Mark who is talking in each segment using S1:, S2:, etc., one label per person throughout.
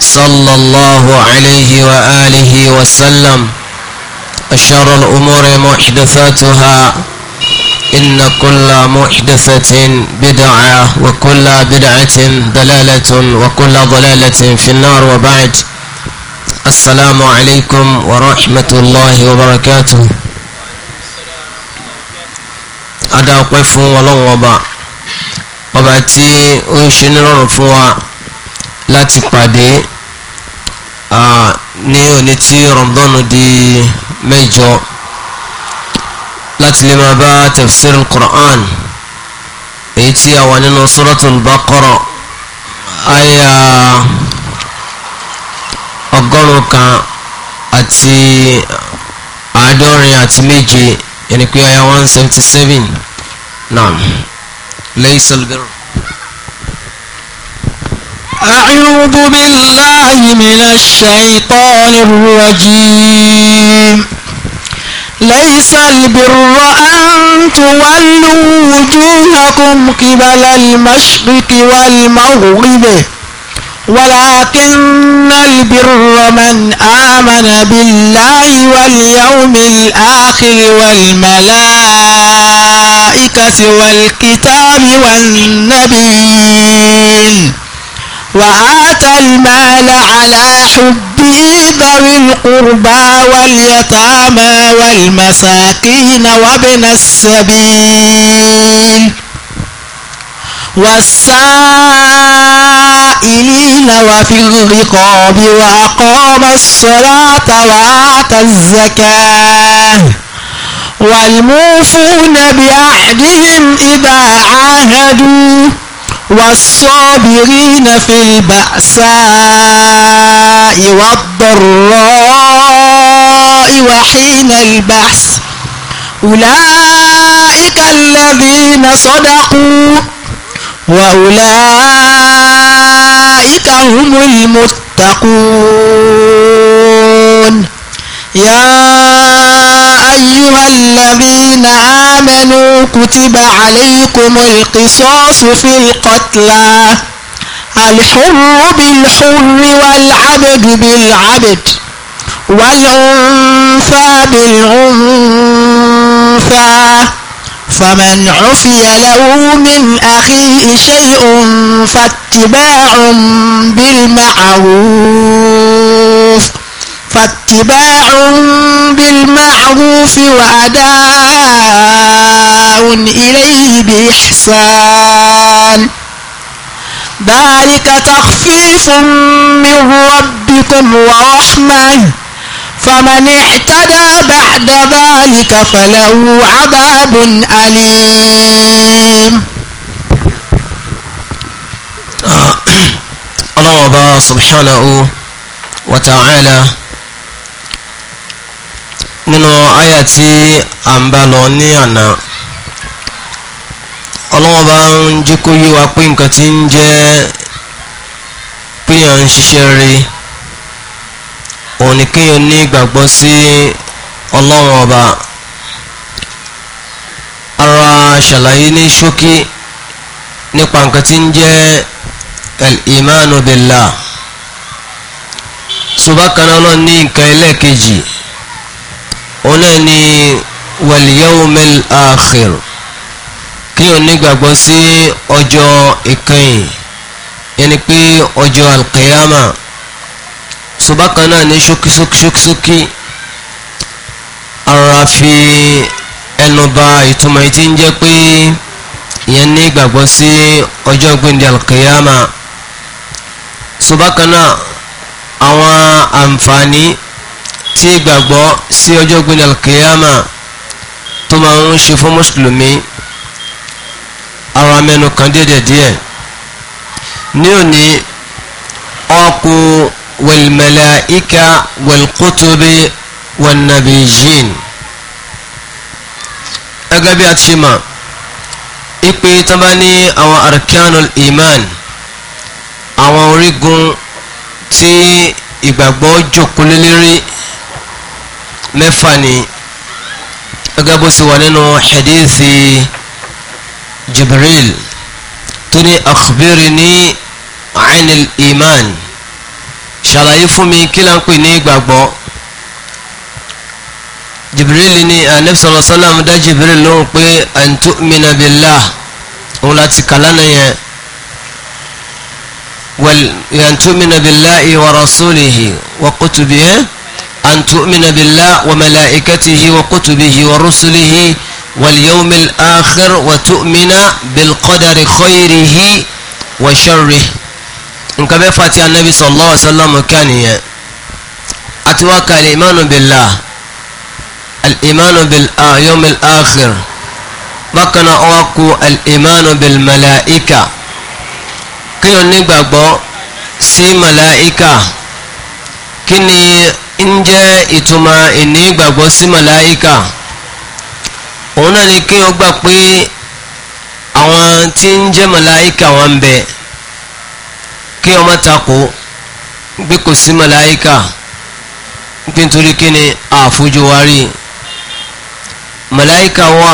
S1: صلى الله عليه وآله وسلم وشر الأمور محدثاتها إن كل محدثة بدعة وكل بدعة ضلالة وكل ضلالة في النار وبعد السلام عليكم ورحمة الله وبركاته أدعو قفوا ولو وبا وبعتي أنشن رفوا láti pàdé ní òní tí rọ̀mdọ́nù di mẹ́jọ láti lè máa bá tafsir quran èyí tí a wà nínú suratul baqara àyà ọgọ́rùn-ún kan àti àádọ́rin àti méje yẹn ni pé àyà one seventy seven naam laysa al
S2: أعوذ بالله من الشيطان الرجيم ليس البر أن تولوا وجوهكم قبل المشرق والمغرب ولكن البر من آمن بالله واليوم الآخر والملائكة والكتاب والنبيين وآتى المال على حبه ذوي القربى واليتامى والمساكين وابن السبيل والسائلين وفي الرقاب وأقام الصلاة وآتى الزكاة والموفون بعهدهم إذا عاهدوا والصابرين في البأساء والضراء وحين البحث أولئك الذين صدقوا وأولئك هم المتقون يا أيها الذين آمنوا كتب عليكم القصاص في القتلى الحر بالحر والعبد بالعبد والأنثى بالأنثى فمن عفي له من أخيه شيء فاتباع بالمعروف فاتباع بالمعروف وأداء إليه بإحسان ذلك تخفيف من ربكم ورحمة فمن اعتدى بعد ذلك فله عذاب أليم
S1: الله سبحانه وتعالى nínú àyà tí a ń bá lọ ní àná ọlọ́wọ́n bá ń jẹ́ kó yé wa pé nǹkan tí ń jẹ́ péyàn ń ṣiṣẹ́ rí òun ni kéèyàn ní ìgbàgbọ́ sí ọlọ́wọ́n ọba ara ṣàlàyé ní ṣókí nípa nǹkan tí ń jẹ́ al-imanu ṣùgbọ́n kan náà ní nǹkan ẹlẹ́ẹ̀kejì. So, òun náà ni wal yawmil akhir kí o nígbàgbọ́ sí ọjọ́ ìkẹyìn yẹni pé ọjọ́ alqiyama ṣùgbọ́n náà ní ṣókíṣókíṣókí ara fi ẹnu ba ìtumọ̀ yìí ti ń jẹ́ pé ìyẹn ní ìgbàgbọ́ sí ọjọ́ gbẹ̀ndẹ̀ alqiyama ṣùgbọ́n àwọn àǹfààní tí ìgbàgbọ́ sí ọjọ́ gbẹ̀lẹ̀ alkiyama tó máa ń ṣe fún mùsùlùmí ara mẹ́nu kan dédé díẹ̀ ní òní ọkù wẹ̀lmẹ̀láìka wẹ̀lkútùbí wẹ̀nàbíyìn ẹgẹ́ bí a ti ṣe mọ̀ ipe tó bá ní àwọn arkanul iman àwọn orígun tí ìgbàgbọ́ jòkó lé lérí mẹ́fà ni gẹ́gẹ́ bó ṣe wà nínú hadithi jibril tó ní akhbirni anil iman ṣàlàyé fún mi kí la ń pè ní ìgbàgbọ́ jibril ni anabi sallallahu alaihi wasallam dá jibril lóhùn pé an tu'mina billah òun láti kàlánà yẹn wal an tu'mina billahi wa rasulihi wa kutubihi. Eh? أن تؤمن بالله وملائكته وكتبه ورسله واليوم الآخر وتؤمن بالقدر خيره وشره إن كبير فاتي النبي صلى الله عليه وسلم كان أتواكى الإيمان بالله الإيمان باليوم الآخر بكنا أواكو الإيمان بالملائكة كي نقبع سي ملائكة كني ń jẹ́ ìtumọ̀ ìní ìgbàgbọ́ sí màláíkà òun náà ni kí o gbà pé àwọn tí ń jẹ́ màláíkà wọn ń bẹ kí o má takò gbé kò sí màláíkà gbé nítorí kí ni àfojúwárí màláíkà wà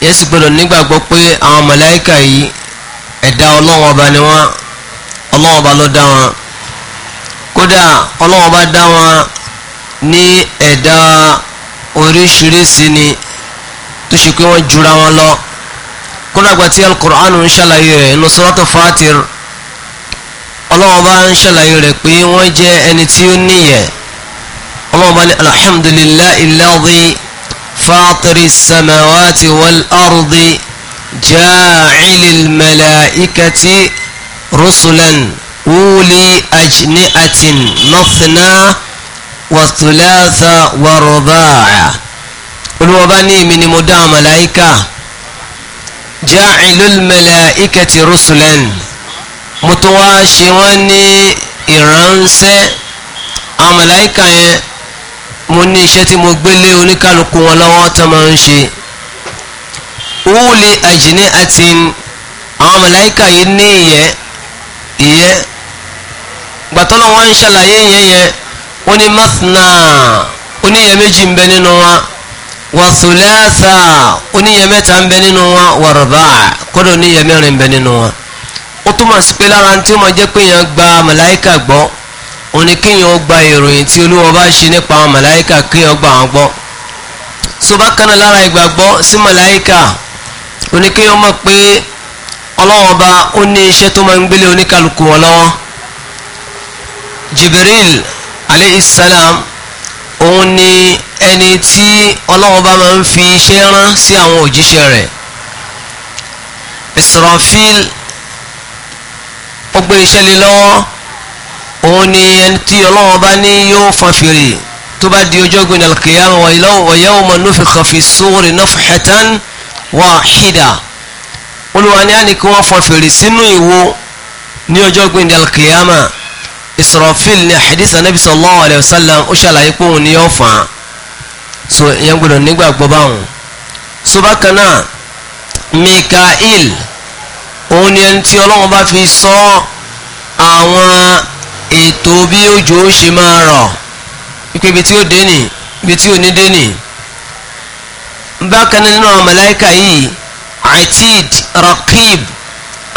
S1: yẹn sì gbọdọ̀ nígbàgbọ́ pé àwọn màláíkà yìí ẹ̀dá ọlọ́wọ́n ọba ni wọ́n ọlọ́wọ́n ọba ló dá wọn kódà ọlọ́wọ́n bá dá wọn ní ẹ̀dá oríṣiríṣi ni tó ṣe pé wọ́n jura wọn lọ kódà gba tí alukur'an ń ṣàlàyé rẹ̀ nínú sọ́rọ́tò fatir ọlọ́wọ́n bá ń ṣàlàyé rẹ̀ pé wọ́n jẹ́ ẹni tí ó níyẹ̀ ọlọ́wọ́n bá ní alhamdulillahi alladhi fatiri samawati wal ardi jaacilil malaikati rusulan wúlé ajínì àti mọ́fìnà wàtúlẹ́àtà wàrúbáà olùwọ́ba ní èmi ni mo dá àwọn màláíkà ja'ilul malaikati rusulan mo tún wá ṣe wọ́n ní ìránṣẹ́ àwọn màláíkà yẹn mo ní iṣẹ́ tí mo gbé lé oníkálukú wọn lọ́wọ́ tó máa ń ṣe wúlé ajínì àti àwọn màláíkà yìí ní ìyẹ́ ìyẹ́ gbàtọ́lọ́ wọn ń ṣàlàyé yẹn yẹn ó ní masna oníyẹ méjì ń bẹ nínú wa wa thulatha oníyẹ mẹ́ta ń bẹ nínú wa wa ruba' kódà oníyẹ mẹ́rin ń bẹ nínú wa ó túmọ̀ sí pé lára tí ó máa jẹ́ pé èèyàn gba màláìkà gbọ́ òun ni kéèyàn gba ìròyìn tí Olúwa bá ṣe nípa àwọn màláìkà kéèyàn gba àwọn gbọ́ so bákan náà lára ìgbàgbọ́ sí màláìkà òun ni kéèyàn mọ̀ pé Ọlọ́hun ó ní iṣẹ́ tó máa ń gbélé oníkàlùkù wọn lọ́wọ́ jibril aleyhisselam òun ni ẹni tí ọlọ́run bá máa ń fi iṣẹ́ rán sí àwọn òjíṣẹ́ rẹ̀ israfil ó gbé iṣẹ́ lé lọ́wọ́ òun ni ẹni tí ọlọ́run bá ní yóò fọn fèrè tó bá di ọjọ́ gbìn alkiyama wa yawma nufikha fi suri nafhatan wahida olùwà ni a ní kí wọ́n fọn fèrè sínú ìwo ní ọjọ́ gbìn alkiyama. Israfil ni hadith anabi sallallahu alayhi wa sallam ó ṣàlàyé pé òun ni yóò fà á so ìyẹn gbọdọ̀ nígbàgbọ́ báwọn so bákan náà Mikael òun ni ẹni tí ọlọ́run bá fi sọ àwọn ètò bí òjò ṣe máa rọ̀ wípé ibi tí ó dé ibi tí ò ní dé bákan náà nínú àwọn màláíkà yìí Atid Raqib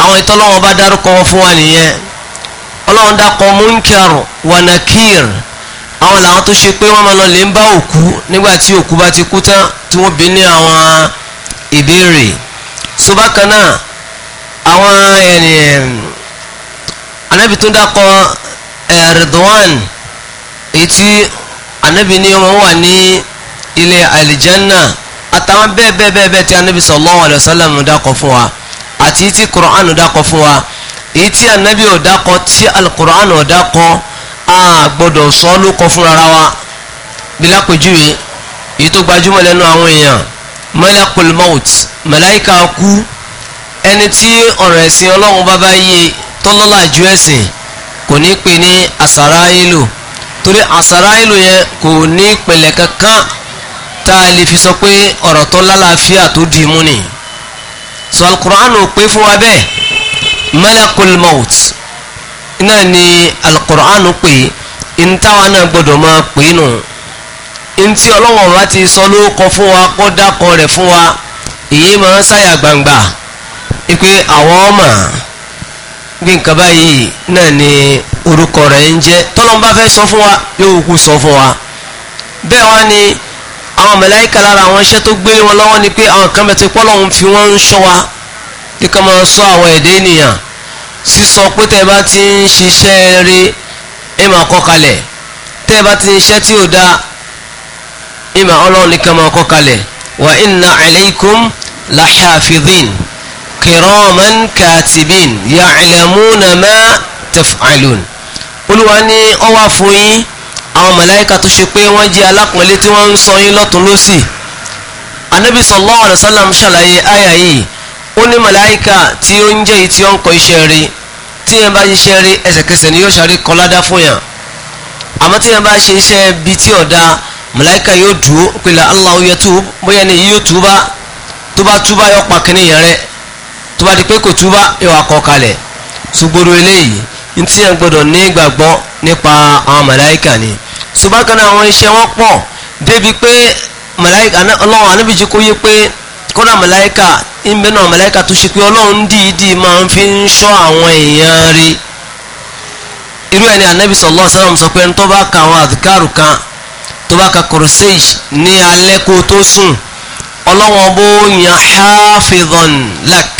S1: àwọn ìtọ́lọ́wọ́n bá dárúkọ fún wa nìyẹn ọlọ́run dákọ̀ munkar wanakir, nakir àwọn làwọn tó ṣe pé wọ́n máa lọ lè ń bá òkú nígbà tí òkú bá ti kú tán tí wọ́n bí ní àwọn ìbéèrè so bákan náà àwọn ènìyàn anábì tó dákọ̀ Ridwan èyí tí anábì ní wọ́n wà ní ilé alìjánná àtàwọn bẹ́ẹ̀ bẹ́ẹ̀ bẹ́ẹ̀ tí anábì sallallahu alaihi wasallam dákọ̀ fún wa àti tí Qur'an dákọ̀ fún wa èyí tí anabi ọ̀dà kọ tí alukur'an ọ̀dà kọ a gbọ́dọ̀ sọ ló kọ fún ara wa bí lápèjúwe èyí tó gbajúmọ̀ lẹ́nu àwọn èèyàn malakul maut malaika kú ẹni tí ọ̀rọ̀ ẹ̀sìn ọlọ́run bá bá yé tọ́lọ́lá ju ẹ̀sìn kò ní pè ní asaraílò torí asaraílò yẹn kò ní ìpìlẹ̀ kankan tá a lè fi sọ pé ọ̀rọ̀ tó lálàáfíà tó dì mú ni sọ alukur'an ò pé fún wa bẹ́ẹ̀ malakul maut iná ni alukur'an pè ntáwa náà gbọdọ̀ máa pè nù ntí ọlọ́wọ́n wa ti sọ lóko fún wa kó dákọ̀ rẹ̀ fún wa èyí máa ń sáyà gbangba pé àwọn ọmọ bí báyìí náà ni orúkọ rẹ̀ ń jẹ́ tọ́lọ́mbà fẹ́ sọ fún wa yóò kú sọ fún wa bẹ́ẹ̀ wá ni àwọn màláíkà lára àwọn iṣẹ́ tó gbé wọn lọ́wọ́ ni pé àwọn kan bẹ ti pọ́ lọ́hún fi wọ́n ń ṣọ́ wa kíkọ́ máa sọ àwọn ẹ̀dẹ́ ènìyàn sísọ pé tẹ́ bá ti ń ṣiṣẹ́ rí ẹ máa kọ́ kalẹ̀ tẹ́ bá ti ń ṣiṣẹ́ tí ò dáa ẹ máa ọlọ́run nìkan máa kọ́ kalẹ̀ wa inna alaykum lahafidhin kiraman katibin ya'lamuna ma taf'alun olúwa ní ọwá fún yín àwọn màláíkà tó ṣe pé wọ́n jẹ́ alápọ̀nlé tí wọ́n ń sọ yín lọ́tún lọ́sì anabi sallallahu ó ní màláìka tí ó ń jẹ́ yìí tí ó ń kọ iṣẹ́ rí tí yẹn bá ṣiṣẹ́ rí ẹsẹ̀kẹsẹ̀ ni yóò ṣàrí kọ́ládá fún yàn àmọ́ tí yẹn bá ṣe iṣẹ́ bíi tí ọ̀dà màláìka yóò dúró pèlè Allahu yatub bóyá ni yóò túbá tó bá túbá yóò pa kínní yẹn rẹ tó bá di pé kò túbá yóò akọ kalẹ̀ ṣùgbọ́n eléyìí ní tí yẹn gbọ́dọ̀ ní ìgbàgbọ́ nípa àwọn màláìka ni ṣùgbọ́n kan náà àwọn iṣẹ́ wọn pọ̀ débi pé màláìka ọlọ́run àníbìjì kó yé pé kódà màláíkà ń bẹ́ẹ̀ náà màláíkà tó ṣe pé ọlọ́run dìídì máa ń fi ń ṣọ́ àwọn èèyàn rí irú ẹni anabi sallallahu alaihi wasallam sọ pé ẹni tó bá ka àwọn àdìkárù kan tó bá ka kòrìsèj ní alẹ́ kó tó sùn ọlọ́wọ́n bó yan hafidhan lak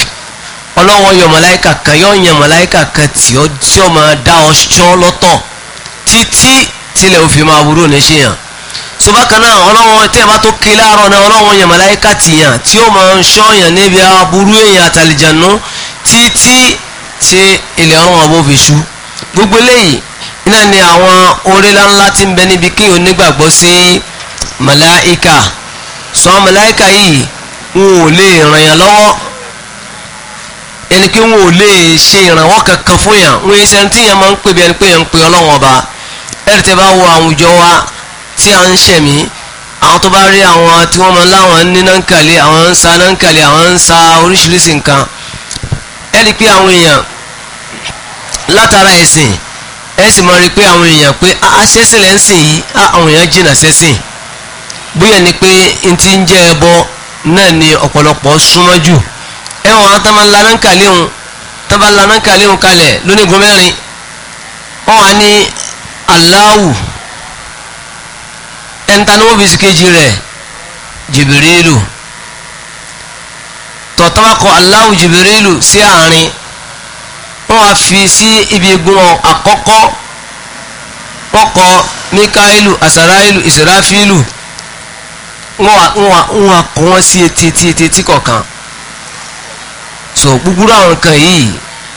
S1: ọlọ́wọ́n yọ màláíkà kan yọ yan màláíkà kan tí ó tí ó máa dá ọ ṣọ́ lọ́tọ̀ títí tilẹ̀ òfin máa burú ní ṣe yàn so bákan náà ọlọ́wọ́n tẹ́ ẹ bá tó ké láàárọ̀ náà ọlọ́wọ́n yẹn màláíkà tìyàn tí ó máa ń ṣọ́yàn níbi aburú èèyàn àtàlìjànú títí tí ilẹ̀ ọ̀run ọ̀bọ̀ fi ṣú gbogbo eléyìí iná ni àwọn orí ńláńlá ti ń bẹ níbi kí onígbàgbọ́ sí màláíkà sọ màláíkà yìí wọn ò lè ràn yàn lọ́wọ́ ẹni pé wọn ò lè ṣe ìrànwọ́ kankan fún yàn wọn ẹsẹ̀ tí yàn máa ń pè bí ẹni pé yàn ń pè ọlọ́wọ́n ọba ẹ̀rì tẹ́ bá wo àwùjọ wa tí a ń ṣẹ̀mí àwọn tó bá rí àwọn tí wọ́n máa láwọn ní náǹkàlẹ̀ àwọn ń sa náǹkàlẹ̀ àwọn ń sa oríṣiríṣi nǹkan ẹ rí i pé àwọn èèyàn látara ẹ̀sìn ẹ sì máa rí i pé àwọn èèyàn pé aṣẹ́sìn ah, ah, lẹ́ ń sìn yìí ah, àwọn èèyàn jìnnà sẹ́sìn bóyá ni pé n ti ń jẹ́ ẹbọ náà ni ọ̀pọ̀lọpọ̀ súnmọ́ jù ẹ àwọn tó máa ń la náǹkàlẹ̀ òun tó bá la náǹkàlẹ̀ òun kalẹ̀ lónígun mẹ́rin wọn wà ní Allahu ẹnta ni wọ́n fi sìkejì rẹ̀ jìbìrìlù kọ Allahu jìbìrìlù sí àárín wọ́n wá fi sí ibi egun àkọ́kọ́ wọ́n kọ Mikailu Asarailu Israfilu wọ́n wá kọ́ wọ́n sí etí etí etí etí so gbogbo àwọn nǹkan yìí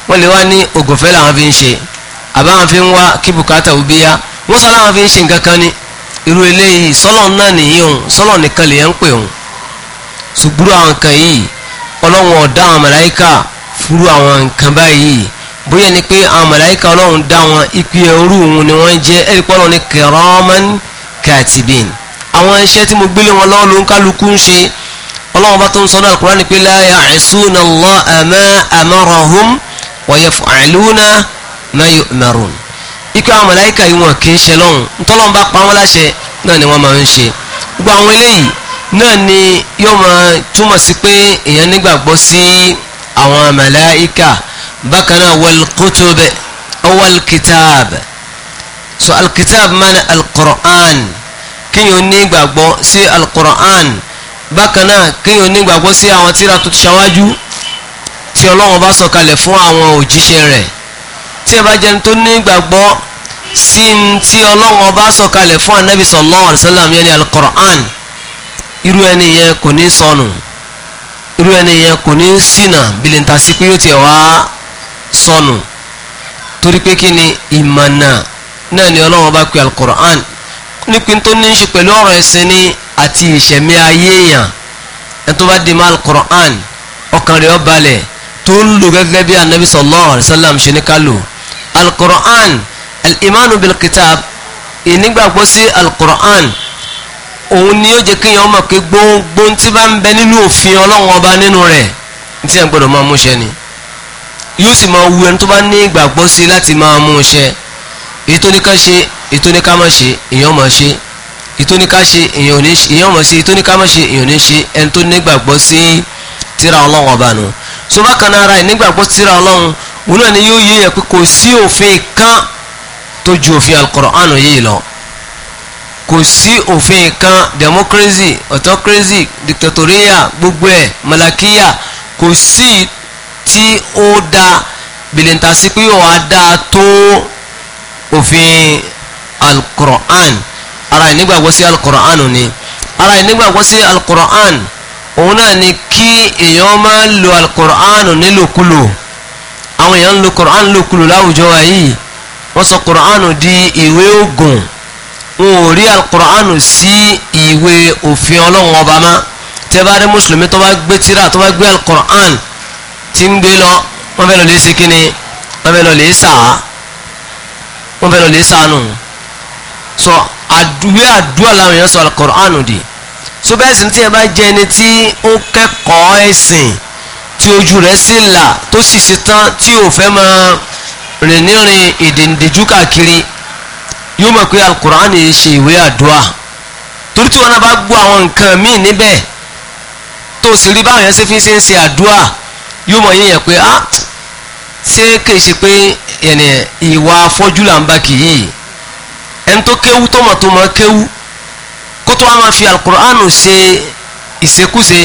S1: wọ́n lè wá ní ògùnfẹ́ làwọn fi ń ṣe àbáwọn fi ń wá kí bùkátà òbí yá wọ́n sọ láwọn fi ń ṣe nǹkan kan ni irú eléyìí sọ́lọ̀ náà nìyí òun sọ́lọ̀ nìkan lè yẹn ń pè òun ṣùgbúrú àwọn nǹkan yìí ọlọ́run ọ̀dá àwọn màláíkà fúrú àwọn nǹkan báyìí bóyá ni pé àwọn màláíkà ọlọ́run dá wọn ipi ẹrú òun ni wọ́n jẹ́ ẹ̀rí pọ́lọ́ ní kẹrọ́mán kàtìbìn àwọn iṣẹ́ tí mo gbélé wọn lọ́wọ́ ń kálukú ń ṣe ọlọ́run bá tó ń sọ náà Al-Qur'an pé la ya'suna ikú àwọn màláíkà yìí wọn kì í ṣe lọ́hùn ntọ́lọ́hún bá pa wọ́n láṣẹ náà ni wọ́n máa ń ṣe gbogbo àwọn eléyìí náà ni yóò máa túmọ̀ sí pé èèyàn nígbàgbọ́ sí àwọn màláíkà bákan náà wal kutub wal kitab so alkitab mana alqur'an kínyìn onígbàgbọ́ sí alqur'an bákan náà kínyìn onígbàgbọ́ sí àwọn tírà tó ti ṣáwájú tí ọlọ́run bá sọ̀kalẹ̀ fún àwọn òjíṣẹ́ rẹ̀ tí ẹ bá jẹ́ ní tó ní gbàgbọ́ sí tí ọlọ́run ọba sọ̀kalẹ̀ fún anabi sallallahu alayhi wa sallam yẹn ní alukur'an irú ẹni yẹn kò ní sọnù irú ẹni yẹn kò ní ṣìnà bilintasi pé yóò tiẹ̀ wá sọnù torí pé kí ni ìmọ̀nà náà ni ọlọ́run ọba pe alukur'an nípin tó ní í ṣe pẹ̀lú ọ̀rọ̀ ẹ̀sìn ní àti ìṣẹ̀mí ayé èèyàn ẹ̀ bá di mọ́ alukur'an ọkàn rẹ̀ ó balẹ̀ tó ń lò gẹ́gẹ́ bí anabi sallallahu alayhi wa sallam ṣe ní ká lò alukur'an alimanu bilkitab ìnígbàgbọ́ sí alukur'an òun ni ó jẹ́ kí èèyàn mọ̀ pé gbogbo tí bá ń bẹ nínú òfin ọlọ́run ọba nínú rẹ̀ tí ẹ̀ ń gbọ́dọ̀ máa múṣẹ ni yóò sì máa wu ẹni tó bá ní ìgbàgbọ́ sí láti máa múṣẹ èyí tó ní ká ṣe èyí tó ní ká má ṣe èèyàn máa ṣe ìtóníká ṣe èèyàn ò ní ṣe èèyàn mọ̀ sí ìtóníká mọ̀ ṣe èèyàn ò ní ṣe ẹni tó nígbàgbọ́ sí tíra ọlọ́run ọba nù so bákan náà ara ìnígbàgbọ́ tíra ọlọ́run òun náà ni yóò yé yẹn pé kò sí òfin kan tó ju òfin alukoran yìí lọ kò sí òfin kan democracy autocracy dictatorial gbogbo ẹ̀ malakiya kò sí tí ó da bilintasi pé yóò wá da tó òfin alukoran ara ìnígbàgbọ́ sí alukoran ni ara ìnígbàgbọ́ sí alukoran òun náà ni kí èèyàn máa lo alukoran nílòkulò àwọn èèyàn ń lo Qur'an lòkulò láwùjọ wa yìí wọ́n sọ Qur'an di ìwé oògùn wọn ò rí al-Qur'an sí ìwé òfin ọlọ́run ọba má tẹ́ bá rí mùsùlùmí tó bá gbé tírà tó bá gbé al-Qur'an ti ń gbé lọ wọ́n fẹ́ lọ lè ṣe kíni wọ́n fẹ́ lọ lè sàá wọ́n fẹ́ lọ lè sànù sọ àdúwé àdúrà làwọn èèyàn sọ al di so bẹ́ẹ̀ sì ní tí ẹ bá jẹ́ ẹni tí ó kẹ́kọ̀ọ́ ẹ̀sìn tí ojú rẹ̀ sì là tó sì ṣe tán tí ò fẹ́ máa rìn nírin ìdìndìjú káàkiri yóò mọ̀ pé alukur'an yìí ṣe ìwé àdúrà torí tí wọn náà bá gbọ́ àwọn nǹkan míì níbẹ̀ tó sì rí báwọn yẹn ṣe fi ṣe ń ṣe àdúrà yóò mọ̀ yíyan pé ah ṣé kìí ṣe pé ìwà afọ́jú là ń bá kì í ẹni tó kéwú tó mọ̀ tó mọ̀ kéwú kó tó wá máa fi alukur'an ṣe ìṣekúṣe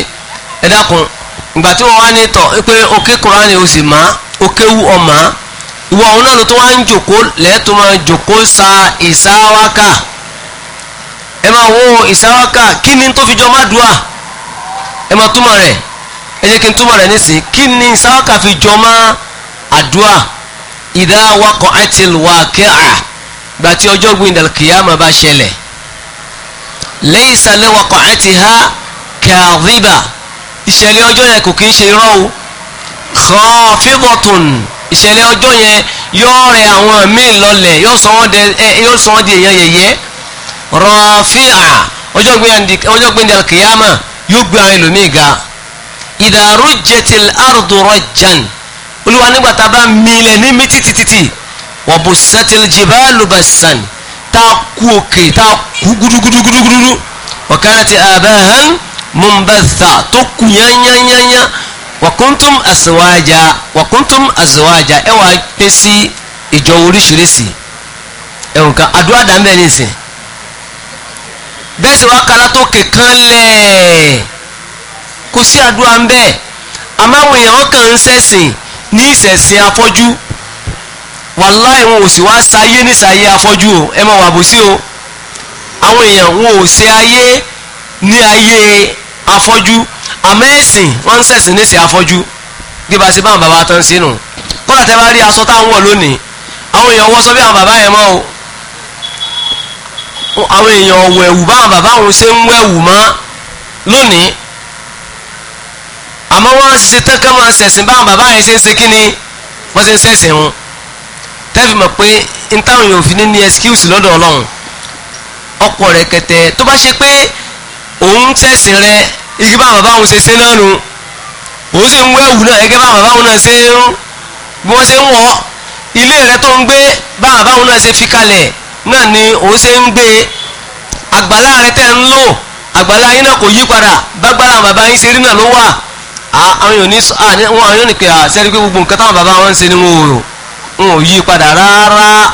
S1: ẹ dákun ìgbà tí wọ́n wá ní tọ̀ pé òkè kùránì o sì má òkè wú ọ̀mà ìwọ òun náà ló tó wá ń jòkó lẹ́ẹ̀tọ́ máa jòkó sa ìsáwáká ẹ máa wo ìsáwáká kí ni tó fi jọ má ẹ máa túmọ̀ rẹ̀ ẹ jẹ́ kí n túmọ̀ rẹ̀ nísìn kí ni ìsáwáká fi jọ má àdúà ìdá wakọ̀ àti wàkẹ́à gbà tí ọjọ́ gbìndàkìyàmà bá ṣẹlẹ̀ laysa lẹ́wàkọ̀ àti ha kàdíbà ìṣẹ̀lẹ̀ ọjọ́ yẹn kò kí ń ṣe irọ́ o khafidatun ìṣẹ̀lẹ̀ ọjọ́ yẹn yóò rẹ àwọn míì lọlẹ̀ yóò sọ wọ́n di èèyàn yẹ̀yẹ́ rafi'a ọjọ́ gbẹ̀ndẹ̀ alkiyama yóò gbé àwọn ẹlòmíì ga idha rujjatil ardu jan olúwa nígbà tá a bá milẹ̀ ní mi títítítì wa bussatil jibalu bassan tá a kú òkè tá a kú gudugudugudugudu wa kanat abahan mumbasa tó kù yányányányá wàkúntùm àsìwájà wàkúntùm àsìwájà ẹ wàá pé sí ìjọ oríṣiríṣi ẹ nǹkan àdúrà dàmbẹ́ nìsín bẹ́ẹ̀ sì wá kala tó kẹ̀kan lẹ̀ kò sí àdúrà ń bẹ́ẹ̀ àmọ́ àwọn èèyàn kàn ń sẹ̀sìn ní ìsẹ̀sìn afọ́jú wàláì wọn ò sì wá sáyé nísàyé afọ́jú o ẹ má wà bó sí o àwọn èèyàn wọn ò ṣe ayé ní ayé afọ́jú àmọ́ ẹ̀sìn wọ́n ń sẹ̀sìn ní sí afọ́jú bí ba ṣe bá àwọn bàbá tán sínú kọ́lá tẹ́ bá rí aṣọ táwọn wọ̀ lónìí àwọn èèyàn wọ́ sọ bí àwọn bàbá yẹn mọ́ o àwọn èèyàn wọ̀ ẹ̀wù báwọn bàbá òun ṣe ń wẹ̀wù mọ́ lónìí àmọ́ wọ́n ṣe tán kán máa sẹ̀sìn báwọn bàbá yẹn ṣe ń ṣe kíni wọ́n ṣe ń sẹ̀sìn wọn tẹ́fì mọ̀ pé n táwọn èèyàn ò fi ní ní excuse lọ́dọ̀ ọlọ́run ọ̀pọ̀ rẹ̀ kẹtẹ tó bá ṣe pé òun sẹ̀sìn rẹ igi bá bàbá òun ṣe ṣe náà nu òun sì ń wọ ẹ̀wù náà gẹ́gẹ́ bá bàbá òun náà ṣe ń bí wọ́n ṣe ń wọ̀ ilé rẹ tó ń gbé bá bàbá òun náà ṣe fi kalẹ̀ náà ni òun ṣe ń gbé àgbàlá rẹ tẹ́ ń lò àgbàlá yín náà kò yí padà bágbàlá bàbá yín ṣe rí náà ló wà àwọn yóò ní wọn àwọn yóò ní pé àṣẹ rí pé gbogbo nǹkan táwọn bàbá wọn ṣe ni wọn ò wọn ò yí padà rárá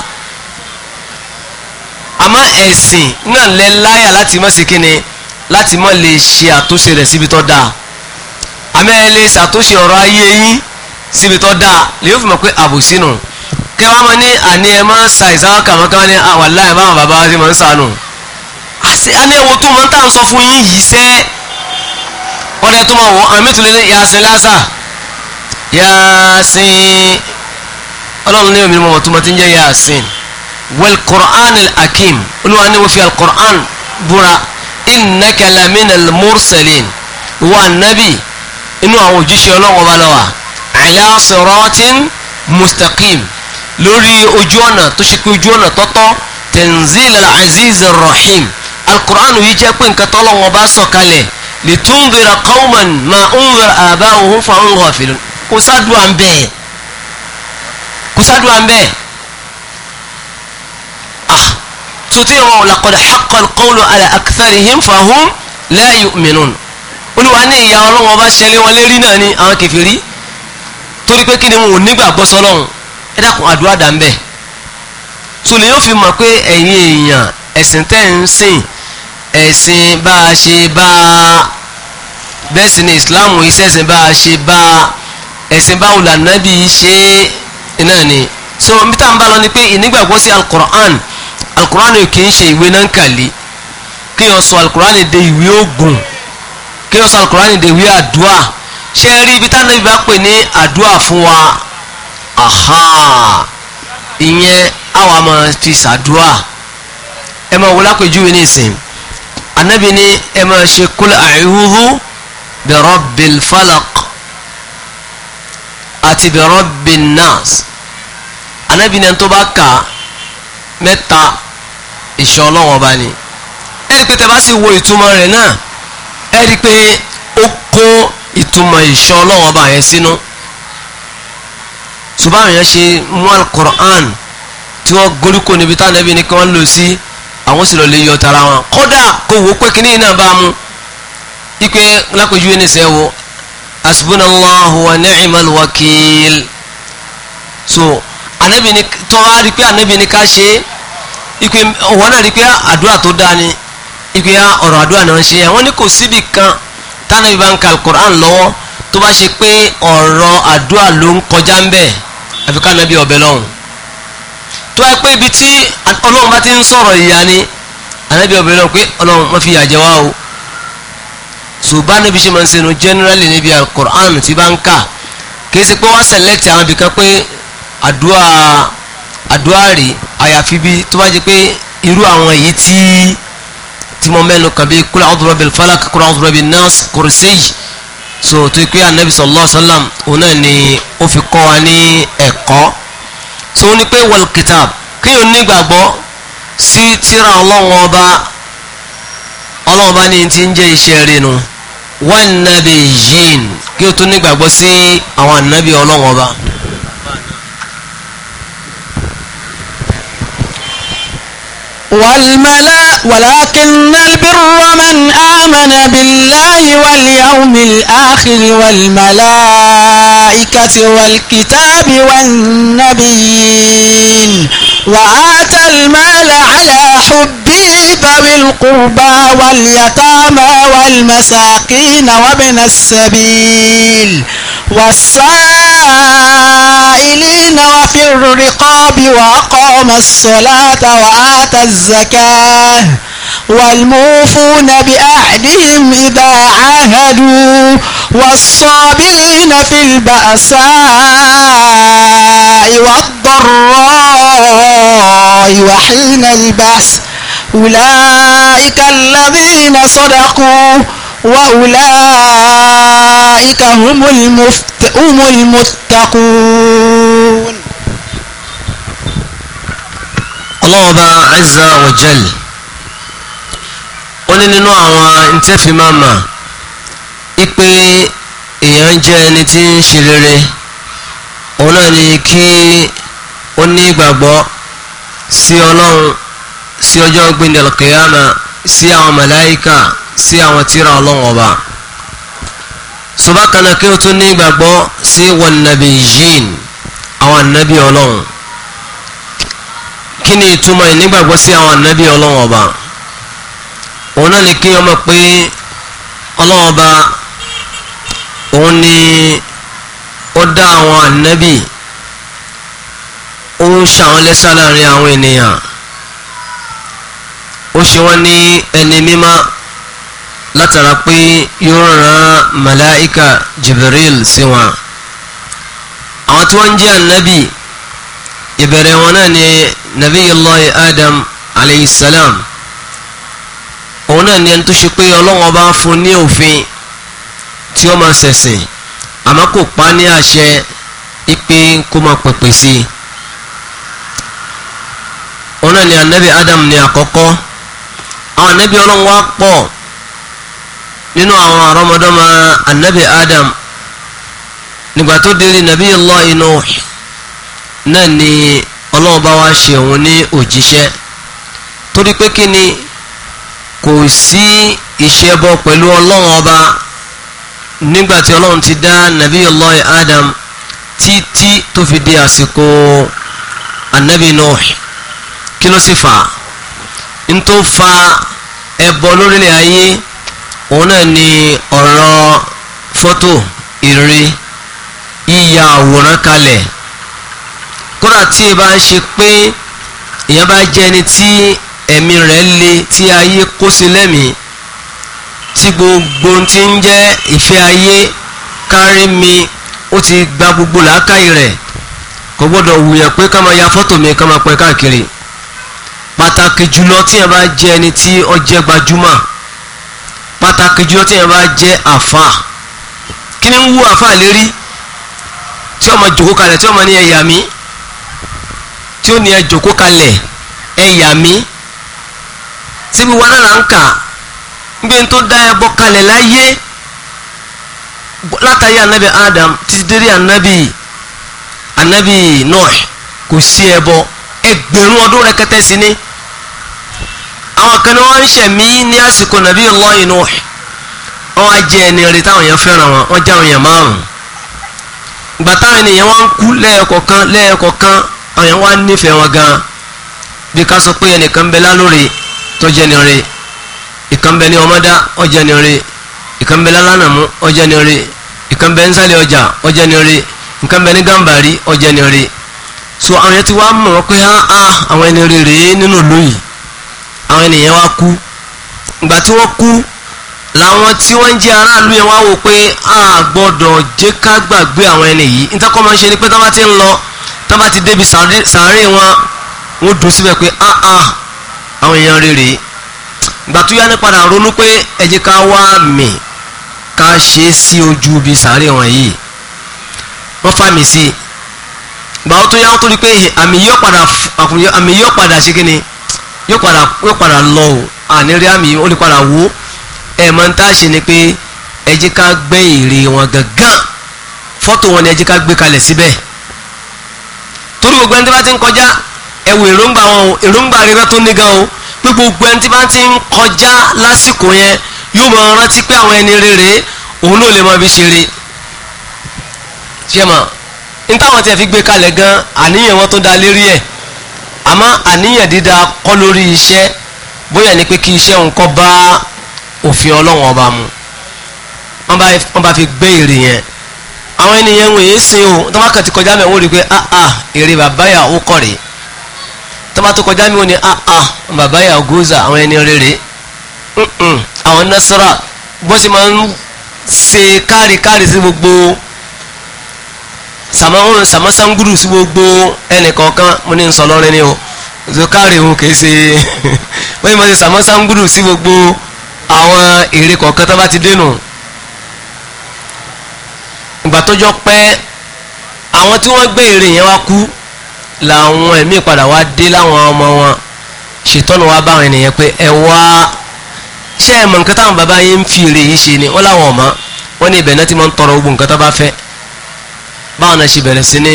S1: àmọ́ ẹ̀sìn náà lẹ láyà láti mọ̀ sí kíni láti mọ́ lè ṣe àtúnṣe rẹ̀ síbi tó dáa àmọ́ ẹ lè ṣàtúnṣe ọ̀rọ̀ ayé yín síbi tó dáa lè yóò fi mọ̀ pé àbòsí nù kí wọ́n mọ̀ ní àní ẹ máa ń sa ìsáwọ́ kàmọ́ kí wọ́n ní ah, wàláhì báwọn bàbá wa ti máa ń sànù àní ẹ̀wò tó máa ń tà ń sọ fún yín yìí sẹ́ ọ̀rẹ́ tó máa wọ̀ àmì tó lé ní yasin lásà yasin ọlọ́run ní òmìnira mọ̀mọ́ tó máa ti ń jẹ́ yasin wẹ́l Qur'an al olúwa ní wọ́n fi al búra innaka laminal mursalin wa nabi inú àwọn òjíṣẹ́ ọlọ́wọ́ bá lọ́wọ́ ala siratin mustaqim lórí ojú ọ̀nà tó ṣe pé ojú ọ̀nà tọ́tọ́ tanzil al-aziz ar-rahim al-Qur'an yìí jẹ́ pé nǹkan tọ́lọ́wọ́ bá sọ̀kalẹ̀ qauman ma unzira aba'uhum fa hum ghafilun kò sádùá ń bẹ́ẹ̀ tuti'u laqad haqqal qawlu ala aktharihim fahum la yu'minun olúwa ní ìyá ọlọ́wọ́n bá ṣẹlẹ̀ wọn lérí náà ni àwọn kèfèrí torí pé kí ni wọn ò nígbàgbọ́ sọlọ́run ẹ dákun àdúrà dà ń bẹ̀ tùlẹ̀ yóò fi mọ̀ pé ẹ̀yin èèyàn ẹ̀sìn tẹ́ ń sìn ẹ̀sìn bá a ṣe Islam iṣẹ́ ẹ̀sìn bá a ṣe bá a ẹ̀sìn báwo lànà bí ni so níta ń bá lọ ni pé ìnígbàgbọ́ sí al alukurani kì í ṣe ìwé náà ń kàlí kí wọ́n sọ alukurani de ìwé ogun kí wọ́n sọ alukurani de ìwé àdúà ṣé rí ibi táwọn ibi bá pè ní àdúà fún wa aha ìyẹn àwa máa fi ṣàdúà ẹ máa wọlé àpèjúwe ní ìsìn anabi ni ẹ máa ṣe kul a'udhu bi rabbil falaq àti bi rabbin nas anabi ni ẹni tó bá kà mẹ́ta ìṣọ́ ọlọ́run ọba ni ẹ pé tẹ́ sì wo ìtumọ̀ rẹ̀ náà ẹ rí i pé ó kó ìtumọ̀ ìṣọ́ ọlọ́run ọba yẹn sínú ṣùgbọ́n àwọn èèyàn ṣe mú alukoran tí wọ́n goríko níbi tá ànábì ni kí wọ́n lò sí àwọn sì lọ lè yọ tara wọn kódà kó wò ó pé kíní náà bá mu ipe lápèjúwe ní sẹ́ wo asbunallahu wa ni'mal wakil so ànábì ni tọ́wá rí i pé ànábì ni ká ṣe ìpè wọn náà rí pé àdúrà tó dáa ni ìpè ah, ọ̀rọ̀ àdúrà náà ń ṣe yẹn wọ́n ní kò síbì kan tánà ibà ń ka alukur'an lọ́wọ́ tó bá ṣe pé ọ̀rọ̀ àdúrà ló ń kọjá ń bẹ̀ àfi ká nàbí ọ̀bẹ lọ́hùn tó wáá pé ibi tí ọlọ́run bá ti ń sọ̀rọ̀ ìyá ni ànábì ọ̀bẹ lọ́hùn pé ọlọ́run má fi yà wá o ṣùgbọ́n ànábì ṣe máa ń sẹ́nu generally níbi alukur'an tí bá ń kà kì í ṣe pé wọ́n select àwọn ibìkan pé àdúrà àdúrà rèé àyàfi bí tó bá jẹ́ pé irú àwọn èyí tí tí mo mẹ́nu kàn bí kúlà ọ̀dùrọ̀bì falak kúlà ọ̀dùrọ̀bì nas kùrìsẹ́yì so tó pé anabi sallallahu alayhi sallam òun náà ni ó fi kọ́ wa ní ẹ̀kọ́ so ó ní pé wal kitab kéèyàn nígbàgbọ́ sí tíra ọlọ́wọ́n ọba ọlọ́wọ́n ọba ní ti ń jẹ́ iṣẹ́ rẹ̀ nu wan nabiyyin kí o tún nígbàgbọ́ sí àwọn
S2: والملا ولكن البر من آمن بالله واليوم الآخر والملائكة والكتاب والنبيين وآتى المال على حبه ذوي القربى واليتامى والمساكين وابن السبيل والسائلين وفي الرقاب وأقام الصلاة وآتى الزكاة والموفون بأعدهم إذا عاهدوا والصابرين في البأساء والضراء وحين البأس أولئك الذين صدقوا وأولئك هم, المفت... هم المتقون
S1: الله عز وجل ó ní nínú àwọn ntẹ́fì ipe èèyàn jẹ́ ẹni tí ń ṣe rere òun náà ni kí ó ní ìgbàgbọ́ sí ọlọ́run sí ọjọ́ sí àwọn sí àwọn tíra ọlọ́run ọba subakana kí o tún ní ìgbàgbọ́ sí wọn nàbí yín àwọn ànábì ọlọ́run kí ni ìtumọ̀ ìnígbàgbọ́ sí àwọn ànábì ọlọ́run ọba òun náà ni kí ọmọ pé ọlọ́run ọba òun ni ó dá àwọn ànábì ó ń ṣàwọn lẹ́sà láàrin àwọn ènìyàn ó ṣe wọ́n ní ẹni mímọ́ látara pé yóò rán màláìka Jibril sí wọn àwọn tí wọ́n ń jẹ́ ànábì ìbẹ̀rẹ̀ wọn náà ni nabiyullahi Adam alayhi salam òun náà ni ẹni tó ṣe pé ọlọ́wọ́n bá fún ní òfin tí ó máa ṣẹ̀sìn àmọ́ kò pa ní àṣẹ ipe kó máa pèpè sí i òun náà ni anabi Adam ni àkọ́kọ́ àwọn anabi ọlọ́wọ́n á pọ̀ nínú àwọn àrọ́mọdọ́mọ anabi adam nígbà tó dérí nàbí Allahi Nuh náà ni ọlọ́run bá wá ṣe òun ní òjíṣẹ́ torí pé kí ni kò sí ìṣẹ́bọ pẹ̀lú ọlọ́run ọba nígbà tí ọlọ́run ti dá nàbí Allahi adam títí tó fi di àsìkò anabi Nuh kí ló sì fà ń tó fa ẹbọ lórílẹ̀ ayé òun náà ni ọ̀rọ̀ fọ́tò ìrere yíya àwòrán kalẹ̀ kódà tí ẹ bá ń ṣe pé èèyàn bá jẹ́ ẹni tí ẹ̀mí rẹ̀ le tí ayé kó sí lẹ́mìí tí gbogbo ti ń jẹ́ ìfẹ́ ayé kárí mi ó ti gba gbogbo làákàyè rẹ̀ kò gbọ́dọ̀ wùyàn pé ká máa ya fọ́tò mi ká máa pẹ́ káàkiri pàtàkì jùlọ tí ẹ bá jẹ́ ẹni tí ó jẹ́ gbajúmọ̀ pàtàkì jùlọ tí yẹn bá jẹ́ àfa kí ni ń wú àfa lérí tí ọmọ jòkó kalẹ̀ tí ọmọ ní ẹ̀yà mi tí ó ní ẹ jòkó kalẹ̀ ẹ̀yà mi síbi wa náà là ń kà ń gbé tó dá ẹbọ kalẹ̀ láyé látàrí anabi adam títí dérí anabi anabi Nuh kò sí ẹbọ ẹgbẹ̀rún ọdún rẹ̀kẹ̀tẹ̀ sí ni àwọn kan ní wọ́n ń ṣẹ̀mí ní àsìkò nàbí Allahi Nuh wọ́n wá jẹ́ ẹni rẹ̀ táwọn èèyàn fẹ́ràn wọn wọ́n jẹ́ àwọn èèyàn márùn-ún táwọn ènìyàn wọ́n ń kú lẹ́ẹ̀kọ̀kan lẹ́ẹ̀kọ̀kan àwọn èèyàn wá nífẹ̀ẹ́ wọn gan bí ká sọ pé ẹnìkan bẹ lálórí tó jẹ́ ni rẹ̀ ìkan bẹ ní ọmọdá ó jẹ́ ni rẹ̀ ìkan bẹ lálánàmú ó jẹ́ ni rẹ̀ ìkan bẹ nsàlẹ̀ ọjà ó jẹ́ ni rẹ̀ ìkan bẹ ní gàmbàrí ó jẹ́ ni rẹ̀ so àwọn èèyàn ti wá mọ̀ wọ́n pé á á àwọn ẹni rèé nínú ìlú àwọn ènìyàn wá kú ìgbà tí wọ́n kú làwọn tí wọ́n ń jẹ́ aráàlú yẹn wá wò pé a gbọ́dọ̀ jẹ́ ká gbàgbé àwọn ẹni yìí níta kọ́ máa ń ṣe ni pé táwọn ti ń lọ táwọn ti débi sàárè wọn wọ́n dùn síbẹ̀ pé áá ah, ah, àwọn èèyàn rere ìgbà tó yá ní padà ronú pé ẹ jẹ́ ká wá mì ká ṣe é sí ojú ibi sàárè wọn yìí wọ́n fà mí sí i ìgbà tó yá wọ́n tó rí pé àmì yọ́ padà ṣe kí ni yóò padà yóò padà lọ o àní rí àmì ó lè padà wó ẹ̀ mọ́ ń tá a ṣe ni pé ẹ jẹ́ ká gbẹ́ èrè wọn gangan fọ́tò wọn ni ẹ jẹ́ ká gbé kalẹ̀ síbẹ̀ torí gbogbo ẹni tí bá ti ń kọjá ẹ wo èròǹgbà wọn o èròǹgbà rẹ tó ní gan o pé gbogbo ẹni tí bá ti ń kọjá lásìkò yẹn yóò mọ rántí pé àwọn ẹni rere òun náà lè mọ ibi ṣeré ṣé mọ n táwọn tiẹ̀ fi gbé kalẹ̀ gan àníyàn wọn tó da lérí ẹ̀ àmọ́ àníyàn dídá kọ́ lórí iṣẹ́ bóyá ni pé kí iṣẹ́ òun kọ́ bá òfin ọlọ́wọ́n ọba mu wọ́n bá fi gbé èrè yẹn àwọn ènìyàn ń wòye sin o tó bá kàn ti kọjá mi wọ́n rí i pé ah ah èrè bàbá yà ó kọ̀ rè tó bá tó kọjá mi wọ́n ní ah ah bàbá yà gúúsà àwọn ẹni rere àwọn nasara bó sì máa ń ṣe kárí kárí sí gbogbo sàmọ́rún sàmọ́sángúrù sí gbogbo ẹnìkọ̀ọ̀kan mo ní sọ lọ́rin ni o zokari òun kìí ṣe wọ́n yìí mọ̀ sí sàmọ́sángúrù sí gbogbo àwọn èrè kọ̀ọ̀kan tó bá ti dénú ìgbà tó jọ pẹ́ àwọn tí wọ́n gbé èrè yẹn wá kú làwọn ẹ̀mí padà wá dé láwọn ọmọ wọn ṣètọ́nù wa bá àwọn ènìyàn pé ẹ wá ṣé ẹ mọ̀ nǹkan táwọn bàbá yín ń fi èrè yìí ṣe ni wọ́n láwọn ọ̀mọ́ wọ́n ní ibẹ̀ náà ti máa ń tọrọ gbogbo nǹkan tó bá fẹ́ báwọn náà ṣe bẹ̀rẹ̀ sí ní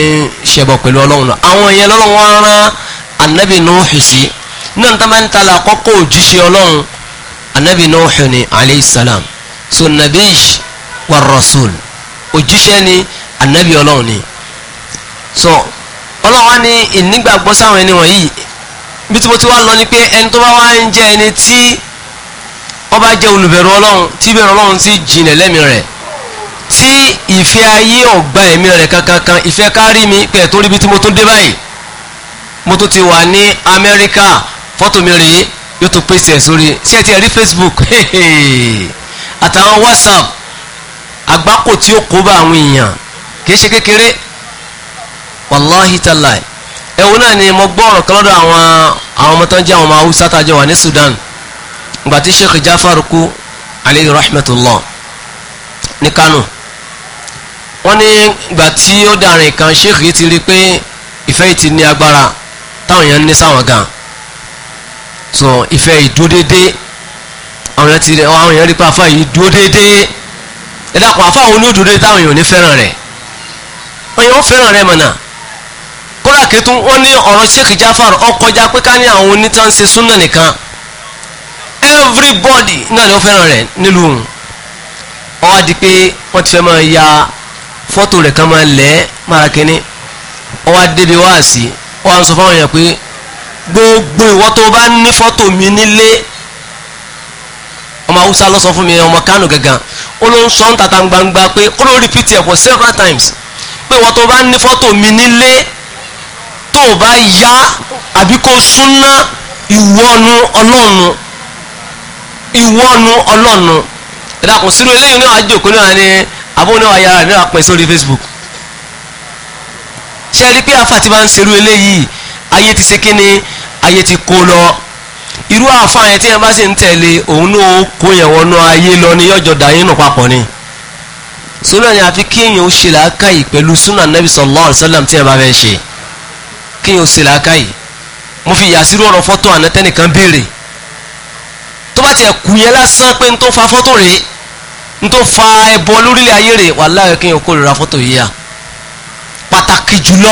S1: ṣẹbọ pẹ̀lú ọlọ́run náà àwọn èèyàn lọ́lọ́run wọn rán anabi nuuhu sí náà tó máa ń tala àkọ́kọ́ òjíṣẹ́ ọlọ́run anabi nuuhu ni alayhi salam so nabiy wa rasul òjíṣẹ́ ni anabi ọlọ́run ni so ọlọ́run wa ní ìnígbàgbọ́ sáwọn ẹni wọ̀nyí bí tí mo ti wá lọ ni pé ẹni tó bá wá ń jẹ ẹni tí wọ́n bá olùbẹ̀rù ọlọ́run tí ìbẹ̀rù ọlọ́run ti jìnlẹ̀ lẹ́mìí rẹ̀ tí ìfẹ́ ayé ọ̀gbà ẹ̀mí rẹ̀ kankankan ìfẹ́ kárí mi pẹ̀ tó ríbi tí mo tún dé báyìí mo tún ti wà ní Amẹ́ríkà fọ́tò mi rèé yóò tún pèsè ẹ̀ sórí ṣé ẹ ti rí Facebook àtàwọn WhatsApp àgbákò tí ó kó bá àwọn èèyàn kìí ṣe kékeré wàláhì tàlà ẹ̀wọ̀n náà ni mo gbọ́ ọ̀rọ̀ kan lọ́dọ̀ àwọn àwọn ọmọ tó ń jẹ́ àwọn ọmọ Haúsá tàjọ wà ní Sudan ìgbà Sheikh Jafar kú alayhi rahmatullah ní Kano wọ́n ní ìgbà tí ó dàrin kan ṣéèkì ti rí pé ìfẹ́ yìí ti ní agbára táwọn èèyàn ní sáwọn gan so ìfẹ́ ìdúródédé àwọn èèyàn ti àwọn èèyàn rí pé afá yìí dúródédé ẹ dákun afá òun ní òdúródé táwọn èèyàn ò ní fẹ́ràn rẹ̀ wọ́n yẹn wọ́n fẹ́ràn rẹ̀ mọ̀nà kódà kẹtùn wọ́n ní ọ̀rọ̀ ṣéèkì jáfàr ọkọjá pé ká ní àwọn onítàn ṣe súnà nìkan everybody náà ni wọ́n fẹ́ràn rẹ̀ nílùú wọn wá di pé wọ́n ti fẹ́ máa ya fọ́tò rẹ̀ kan máa lẹ́ mara kínní ọwọ́ adébi wá sí ọwọ́ àwọn sọ fáwọn èèyàn pé gbogbo ìwọ tó bá ní fọ́tò mi nílé ọmọ haúsá lọ sọ fún mi ọmọ kánò gangan ó ló ń sọ ń tata gbangba pé ó ló repeat ẹ̀ for several times pé ìwọ tó bá ní fọ́tò mi nílé tó o bá yá àbí kó súnná ìwọ́nu ọlọ́nu ìwọ́nu ọlọ́nu ẹ̀dá sínú eléyìí náà á jòkó náà ni àbónú àyà rẹ̀ náà pín sórí Facebook ṣe rí pé àfà tí bá ń serú eléyìí ayé ti ṣe kíni ayé ti kó lọ irú àfà yẹn tí yẹn bá sì ń tẹ̀lé òun náà kó yẹn wọnú ayé lọ ní yọjọ dàyín nù papọ̀ ni sórí ẹ̀yìn àfi kéèyàn ó ṣe làákàyè pẹ̀lú sunnah nabi sallallahu alayhi wa sallam tí yẹn bá fẹ́ ṣe kéèyàn ó ṣe làákàyè mo fi yàsírò ọ̀rọ̀ fọ́tò àná béèrè tó bá tiẹ̀ kú yẹn lásán pé ń tó fa fọ́tò rèé n fa ẹbọ lórílẹ̀ ayé rẹ̀ wà láàyè kí n kó lura fọ́tò yìí à pàtàkì jùlọ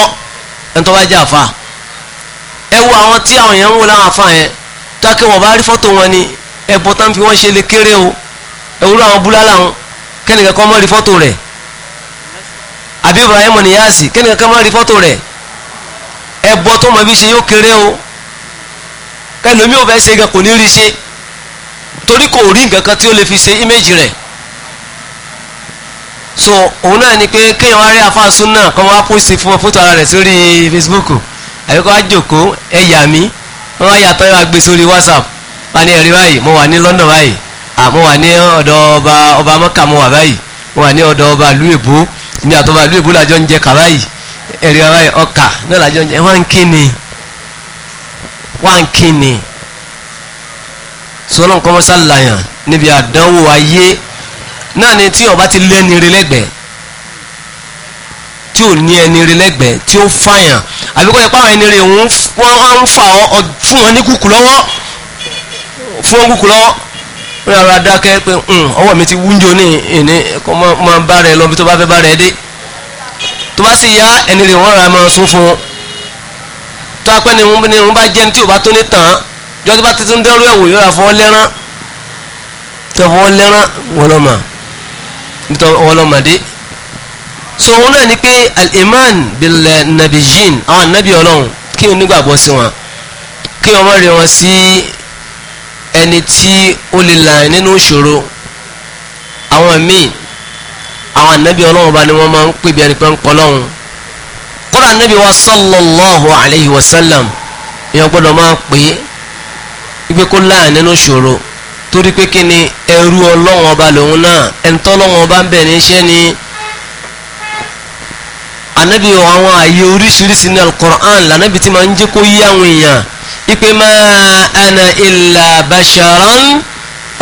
S1: ẹni tó bá jẹ́ àfa ẹ wo àwọn tí àwọn èèyàn ń wo láwọn àfa yẹn tákẹ́ wọn bá rí fọ́tò wọn ni ẹbọ tá ń fi wọ́n ṣe lè kéré o ewúrọ àwọn búlálà wọn kẹ́nìkan kọ́ mọ́ rí fọ́tò rẹ̀ àbí Ibrahim Niyasi kẹ́nìkan kọ́ mọ́ rí fọ́tò rẹ̀ ẹbọ tó mọ̀ bí ṣe yóò kéré o ẹlòmíì ò fẹ́ ṣe gan kò ní rí ṣe torí kò rí nǹkan kan tí ó lè fi ṣe íméjì rẹ̀ so òun náà ni pé kéèyàn wá rí àfa súnà kọ́ wá pósì fún fótó ara rẹ̀ sórí facebook àbí kọ́ wá jòkóó ẹ̀yà mi wọ́n wá yàtọ̀ yóò wá gbé sórí whatsapp wá ní ẹ̀rí báyìí mo wà ní london báyìí à mo wà ní ọ̀dọ̀ ọba ọba mọ́kà mo wà báyìí mo wà ní ọ̀dọ̀ ọba ìlú èbó ní àtọ́ba ìlú èbó làjọ ń jẹ kà báyìí ẹ̀rí báyìí ọkà náà làjọ ń jẹ wá kí ni wá ń kí ni sọlọ́n níbi àdánwò ayé náà ni tí ọba ti lẹ́ni rí lẹ́gbẹ̀ẹ́ tí ò ní ẹni rí lẹ́gbẹ̀ẹ́ tí ó fàyàn àbíkọ́ ẹ̀pá àwọn ẹni rí wọ́n á ń fà ọ́ fún wọn ní kúkú lọ́wọ́ fún wọn kúkú lọ́wọ́ wọ́n yàrá dákẹ́ pé ọwọ́ mi ti wúńjọ ní ìní kó máa bá rẹ lọ bí tó bá fẹ́ bá rẹ dé tó bá sì yá ẹni rí wọ́n máa sún fún un tó apẹ́ ni wọ́n bá jẹ́ ní tí ò bá tó ní tàn án bá ti tún ẹ̀wò yóò rà fọ́ lẹ́rán tẹ̀fọ́ lẹ́rán wọ́n lọ́ máa nítorí wọn lọ́mọdé so òun náà ni pé al bilẹ̀ nabijin àwọn anabi ọlọ́run kí o nígbàgbọ́ sí wọn kí ọmọ rẹ wọn sí ẹni tí ó lè là nínú ìṣòro àwọn míì àwọn anabi ọlọ́run bá ní wọ́n máa ń pè bí ẹni pé ń kọ́ lọ́run kódà anabi wa sallallahu alayhi wa sallam èèyàn gbọ́dọ̀ máa pè é wípé kó là nínú ìṣòro torí pé kí ni ẹrú ọlọ́wọ́n ọba lòun náà ẹ̀ńtọ́ ọlọ́wọ́n ọba ń bẹ̀ níṣẹ́ ni anabi àwọn ààyè oríṣiríṣi ní alukur'an lànàbì tí máa ń jẹ́ kó yí àwọn èèyàn ipe ma ana illa basharan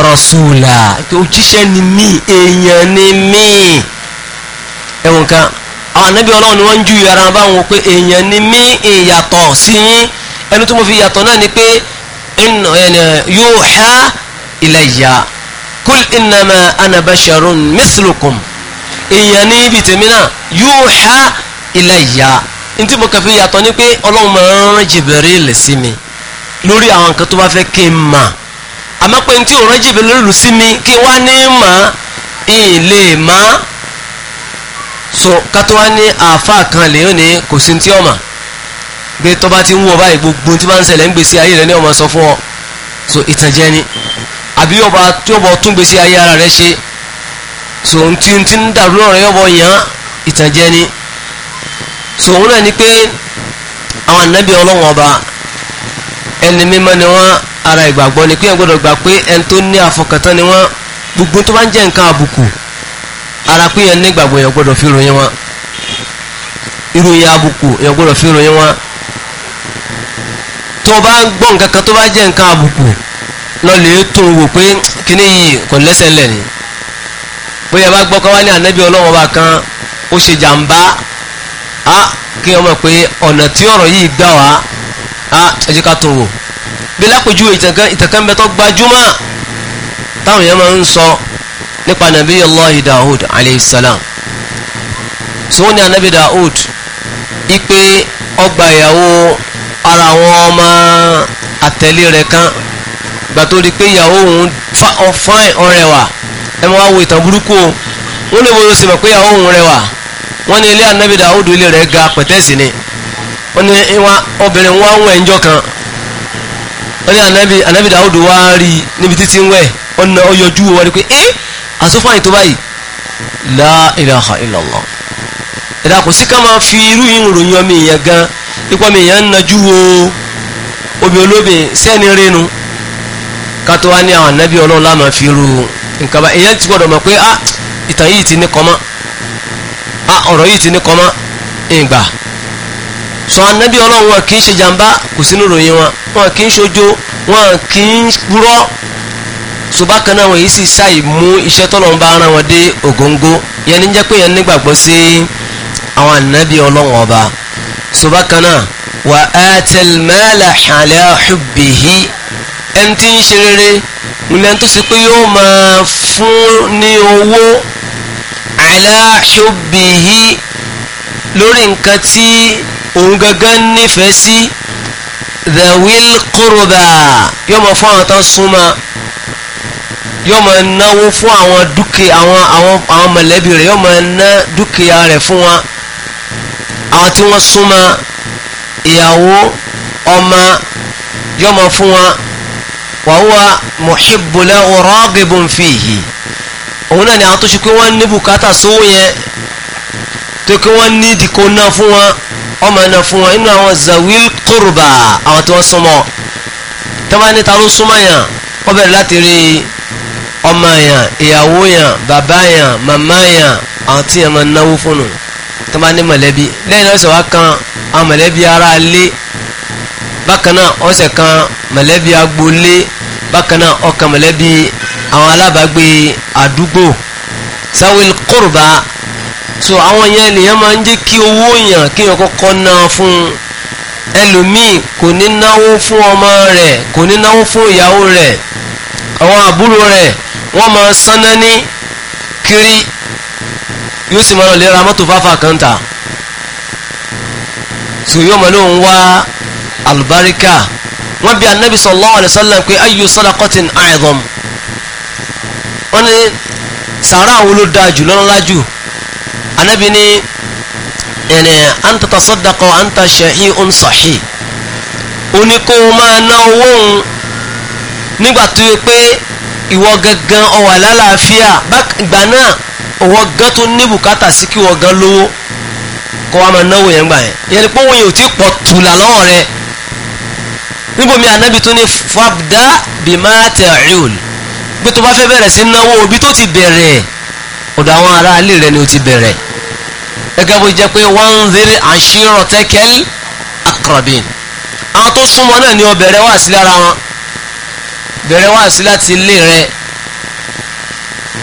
S1: rasula òjíṣẹ́ ni mí èèyàn ni mí ẹ̀wọ̀n kan àwọn anabi ọlọ́run ni wọ́n ń ju ara wọn báwọn pé èèyàn ni mí ìyàtọ̀ sí ẹni tó mo fi yàtọ̀ náà ni pé yuha ilayya kul innama ana basharun mislukum èèyàn ní ibi tèmi náà yuha ilayya ntí mo kàn fi yàtọ̀ ni pé ọlọ́run máa ń rán Jibril sí mi lórí àwọn nǹkan tó bá fẹ́ kí n mà àmọ́ pé ntí òun rán Jibril sí mi kí wá ní mà ń lè mà so kátó wá ní àáfà kan lèyìn ní kò sí ntí ọmọ gbé tó ti ń wọ báyìí gbogbo tí bá ń ṣẹlẹ̀ ń gbèsè ayé rẹ ní ọmọ sọ fún ọ so ìtànjẹ ni àbí ọba tí ọba tún gbèsè ayé ara rẹ ṣe so ohun tí ń ti ń dàrú náà rẹ yọbọ yàn ìtànjẹ ni so òun náà ni pé àwọn ànábì ọlọ́wọ́n ọba ẹni mímọ́ ni wọ́n ara ìgbàgbọ́ ni pé ẹ̀ gbọ́dọ̀ gbà pé ẹni tó ní àfọkàntán ni wọ́n gbogbo tó bá ń jẹ́ nǹkan àbùkù ara pé ẹni nígbàgbọ́ yẹn gbọ́dọ̀ fi ròyìn wọn ìròyìn àbùkù yẹn gbọ́dọ̀ fi ròyìn wọn tó bá gbọ́ nǹkan kan tó bá jẹ́ nǹkan àbùkù lọ́lẹ̀ tó wò pé kíní yìí kò lẹ́sẹ̀ ńlẹ̀ ni bóyá bá gbọ́ káwá ní ànábì ọlọ́wọ́n bá kan ó ṣe jàǹbá á kí ọmọ pé ọ̀nà tí ọ̀rọ̀ yìí gbà wá á ẹ ká tó wò bí lápòjú ìtànkàn bẹ́tọ́ gbajúmọ̀ táwọn èèyàn máa ń sọ nípa nàbí Allahi Dawud alayhi salam tí wọ́n ní ànábì Dawud ipe ọgbà ìyàwó ara àwọn ọmọ àtẹ̀lé rẹ̀ kan gbà tó rí pé ìyàwó òun fáìn ọrẹwà ẹ máa wo ìtàn burúkú o wọ́n lè wọ́n sì mọ̀ pé ìyàwó òun rẹwà wọ́n ní ilé anabi dàwúdù ilé rẹ̀ ga pẹ̀tẹ́sì ni wọ́n ní obìnrin wọn wọ ẹ̀ńjọ́ kan wọ́n ní anabi anabi dàwúdù wá rí níbi títí ń wẹ̀ ọ̀nà ọ̀yọ́jú wọn ni pé ẹ́ àsọfáyìn tó báyìí la ilaha illallah ẹ̀dá kátó wá ní àwọn ànábì ọlọ́run láàmà fi ru nǹkan bá èyàn ti gbọ́dọ̀ mọ̀ pé ah ìtàn yìí ti ní kọ́mọ́ ah ọ̀rọ̀ yìí ti ní kọ́mọ́ ìgbà sọ ànábì ọlọ́run wọn kì í ṣe jàǹbá kò sínú ròyìn wọn wọn kì í ṣojo wọn kì í rọ́ ṣùgbọ́n kan náà yìí sì ṣàì mú iṣẹ́ tọ́lọ̀ ń bá ara wọn dé ògóńgó yẹn ní jẹ́ pé yẹn nígbàgbọ́ sí àwọn ànábì ọlọ́run ọba ṣùgbọ́n kan wà á tẹ̀lé mẹ́lẹ̀ hàlẹ́ hubbihi ẹni tí ń ṣe rere nílẹ̀ tó ṣe pé yóò máa fún ní owó aláṣọ́bìhí lórí nǹkan tí òun gangan nífẹ̀ẹ́ sí the will kúròdà yóò máa fún àwọn tó súnmọ́ yóò máa náwó fún àwọn dúkìá àwọn àwọn àwọn mọ̀lẹ́bí rẹ̀ yóò máa ná dúkìá rẹ̀ fún wọn àwọn tí wọ́n súnmọ́ ìyàwó ọmọ yóò máa fún wọn wàhúwa mọ̀ṣíbùlẹ̀ ọ̀rọ̀gìbùn fìhì òun náà ni àwọn tó ṣe pé wọ́n ní bùkátà sówó yẹn tó kí wọ́n ní ìdìkò náà fún wọn ọmọ náà fún wọn inú àwọn zawil kúrùbà àwọn tí wọ́n súnmọ́ tọ́ba ní ta ló súnmọ́ yàn wọ́n bẹ̀rẹ̀ láti rí ọmọ yàn ìyàwó yàn bàbá yàn màmá yàn àwọn tí yàn máa náwó fún un tọ́ba ní mọ̀lẹ́bí lẹ́yìn náà ọ̀sẹ̀ kan àwọn mọ̀lẹ́bí ara lé bákan náà ọ̀sẹ̀ kan mọ̀lẹ́bí agboolé bákan náà ọkàn mọ̀lẹ́bí àwọn alábàágbé àdúgbò sáwìl kórùbá so àwọn yẹn lèyàn máa ń jẹ́ kí owó yàn kí yàn kọ́kọ́ ná fún ẹlòmíì kò ní náwó fún ọmọ rẹ̀ kò ní náwó fún ìyàwó rẹ̀ àwọn àbúrò rẹ̀ wọ́n máa sáná ní kiri yóò sì máa lè ra mọ́tò fáfá kan ta so yóò máa lóun wá àlùbáríkà. So, wọ́n bi anabi sallallahu alayhi wa sallam pé ayu sadaqatin a'zam wọ́n ní sàárà àwọn ló dáa jù lọ́lọ́lá jù anabi ní ẹ̀nẹ̀ anta tasaddaqa anta shahi'un sahih oníkóhùn máa ná owó òun nígbà tó yẹ pé ìwọ gangan o lálàáfíà gbà náà òwò gan tó ní bùkátà sí kí wọ́n gan lówó kó wàá máa náwó yẹn gbà yẹn yẹn ni pé òun yìí ò pọ̀ tùlà lọ́wọ́ rẹ̀ níbomi ànábì tó ní fabda bima ta'ul bí tó bá fẹ́ bẹ̀rẹ̀ sí náwó òbí tó ti bẹ̀rẹ̀ ọ̀dọ̀ àwọn ará ilé rẹ ni ó ti bẹ̀rẹ̀ gẹ́gẹ́ bó jẹ́ pé wanzir ashiratakal aqrabin àwọn tó súnmọ́ náà ni ó bẹ̀rẹ̀ wá sí lára wọn bẹ̀rẹ̀ wá sí láti ilé rẹ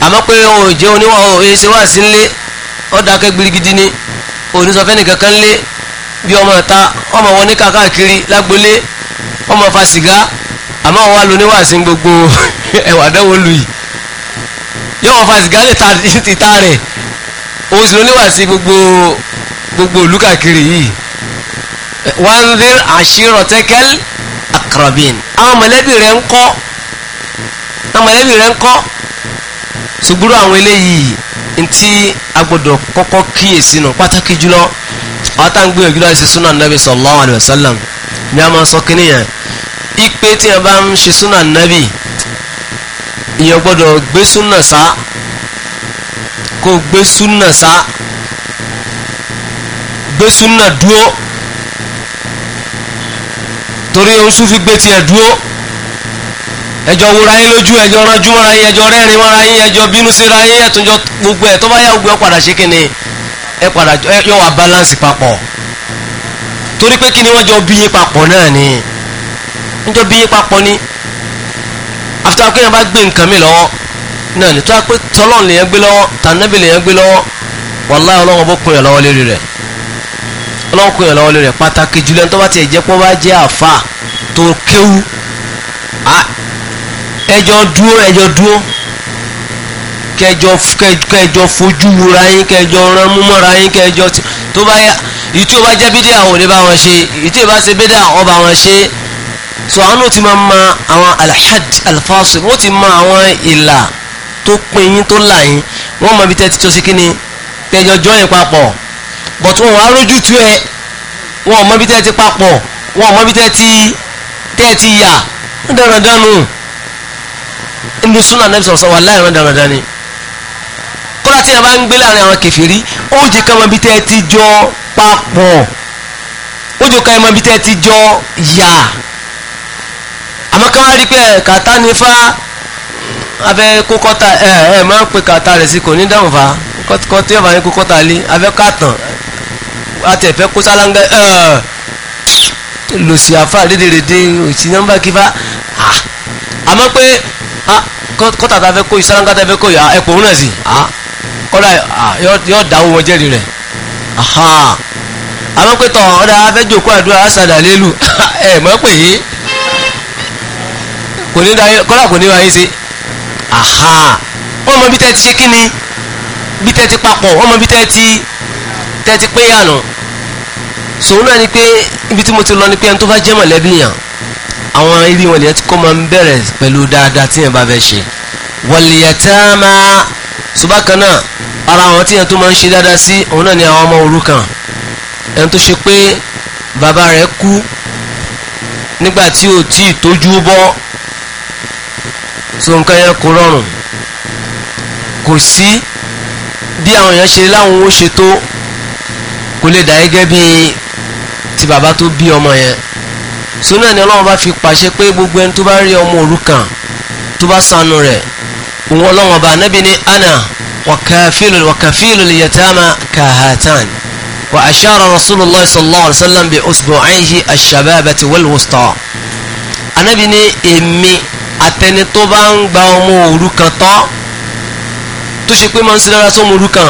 S1: àmọ́ pé òun ò jẹ́ oníwà òun èyí ṣe wá sí ilé ó dákẹ́ gbirigidi ni òun ní sọ fẹ́nìkankan lé bí ọmọ ìta ọmọ wọn ní káàkiri lágbolé wọ́n máa fa sìgá àmọ́ wọn wá lo níwàásí gbogbo ẹ̀wà dẹ́wò lù yìí yóò fa sìgá lè ta ìta rẹ̀ òun sì lo níwàásí gbogbo gbogbo ìlú káàkiri yìí wanzir ashiratakal akrabin àwọn mọ̀lẹ́bí rẹ̀ ń kọ́ àwọn mọ̀lẹ́bí rẹ̀ ń kọ́ ṣùgbọ́n àwọn eléyìí ntí agbọ́dọ̀ kọ́kọ́ kíyèsí nù pàtàkì jùlọ àwọn táwọn gbìyànjú láti ṣe súnà nàbì sallallahu alaihi ni a máa sọ kí nìyẹn ipe tí a bá ń ṣe súnà nábì ìyẹn gbọ́dọ̀ gbé súnà sá kó gbé súnà sá gbé súnà dúró torí ohun súnfí gbé tiẹ̀ dúró ẹjọ́ wúra yín lójú ẹjọ́ ránjú mọ́ra yín ẹjọ́ rẹ́rìn mọ́ra yín ẹjọ́ bínú síra yín ẹ̀túnjọ́ gbogbo ẹ̀ tó bá yá gbogbo ẹ̀ padà ṣe kí ni ẹ̀ padà yọ wà balance papọ̀ torí pé kí ni wọ́n jọ bí yín papọ̀ náà ni wọ́n jọ bí yín papọ̀ ni àfitọ́ akéèyàn bá gbé nǹkan mi lọ́wọ́ náà ni tó a pé tọ́lọ́ lèyàn gbé lọ́wọ́ tànẹ́bì lèyàn gbé lọ́wọ́ wàláhì ọlọ́run bó kun yàn lọ́wọ́ lérí rẹ̀ ọlọ́run kun yàn lọ́wọ́ lérí rẹ̀ pàtàkì jùlọ tó bá tiẹ̀ jẹ́ pọ́ bá jẹ́ àfa tó kéwu ẹjọ́ dúró ẹjọ́ dúró kẹjọ kẹjọ fojú wura yín kẹjọ rán múmọ́ra yín kẹjọ tó bá yà èyí tí ó bá jẹ́ bídíà ò ní bá wọn ṣe èyí tí bá ṣe bídíà ò bá wọn ṣe so àwọn náà ti máa ma àwọn alhaj alfasil wọ́n ti ma àwọn ìlà tó pin yín tó là yín wọ́n mọ ibi tẹ́ ti jọ sí kíni tẹ́jọ jọ yín papọ̀ bọ̀tú wọn á ẹ wọn mọ ibi tẹ́ ti papọ̀ wọn mọ ibi tẹ́ ti tẹ́ ti yà ń dandan nù nínú súnà nẹ́bí sọ̀rọ̀ sọ̀rọ̀ aláìrán dandan ni kọ́lá tí a bá ń gbé àwọn kẹfìrí ó jẹ́ káwọn ibi tẹ́ ti jọ papọ̀ ó jò ká ẹ mọ ibi tẹ́ ti jọ yà àmọ́ ká wá rí pé kàtá ni fa abẹ́ kókọ́ta ẹ ẹ máa ń pe kàtá rẹ̀ sí kò ní dáhùn fa kọ́ tí ọba yẹn kókọ́ta lé abẹ́ kàtàn àti ẹ̀fẹ́ kó sálángẹ́ ẹ lòsì àfa rédèrèdè òsì nọ́mbà kífà àmọ́ pé kọ́tà tá a fẹ́ kó yìí sálángá tá a fẹ́ kó yìí ẹ̀pọ̀ òun náà sì kọ́dà yọ dáwọ́ wọn jẹ́rìí rẹ̀ aha àmọ́ pé tọ̀ ọ̀dà afẹ́jòkó àdúrà àṣàdà lélù ẹ̀ mọ́ pé kò ní dáyé kọ́lá kò ní wáyé sí àhà wọ́n mọ bí tẹ́ ti ṣe kí ni bí tẹ́ ti papọ̀ wọ́n mọ bí tẹ́ ti tẹ́ ti pé yànà sòun náà ni pé ibi tí mo ti lọ ni pé ẹni tó bá jẹ́ mọ̀lẹ́bí yàn àwọn ilé wọn lè ti kọ́ máa ń bẹ̀rẹ̀ pẹ̀lú dáadáa tí yẹn bá fẹ́ ṣe wọ̀lìyàtàmà ṣùgbọ́n kan náà ara àwọn tí yẹn tó máa ń ṣe dáadáa sí òun náà ni àwọn ọmọ òrukàn ẹni tó ṣe pé bàbá rẹ̀ kú nígbà tí ò tí ì tójú bọ́ so nǹkan yẹn kò rọrùn kò sí bí àwọn èèyàn ṣe láwọn ó ṣe tó kò lè dà gẹ́gẹ́ bí ti bàbá tó bí ọmọ yẹn so náà ọlọ́run bá fi pàṣẹ pé gbogbo ẹni tó bá rí ọmọ òrukàn tó bá ṣàánú rẹ̀ òun ọlọ́run ọba anábì ní ana wàkàfílù wàkàfílù liyatama kahatan. وأشار رسول الله صلى الله عليه وسلم بأصبعيه الشبابة والوسطى Ànábì ní èmi àtẹni tó bá ń gba ọmọ òrukàn tọ́ tó ṣe pé máa ń sinara sọmọ òrukàn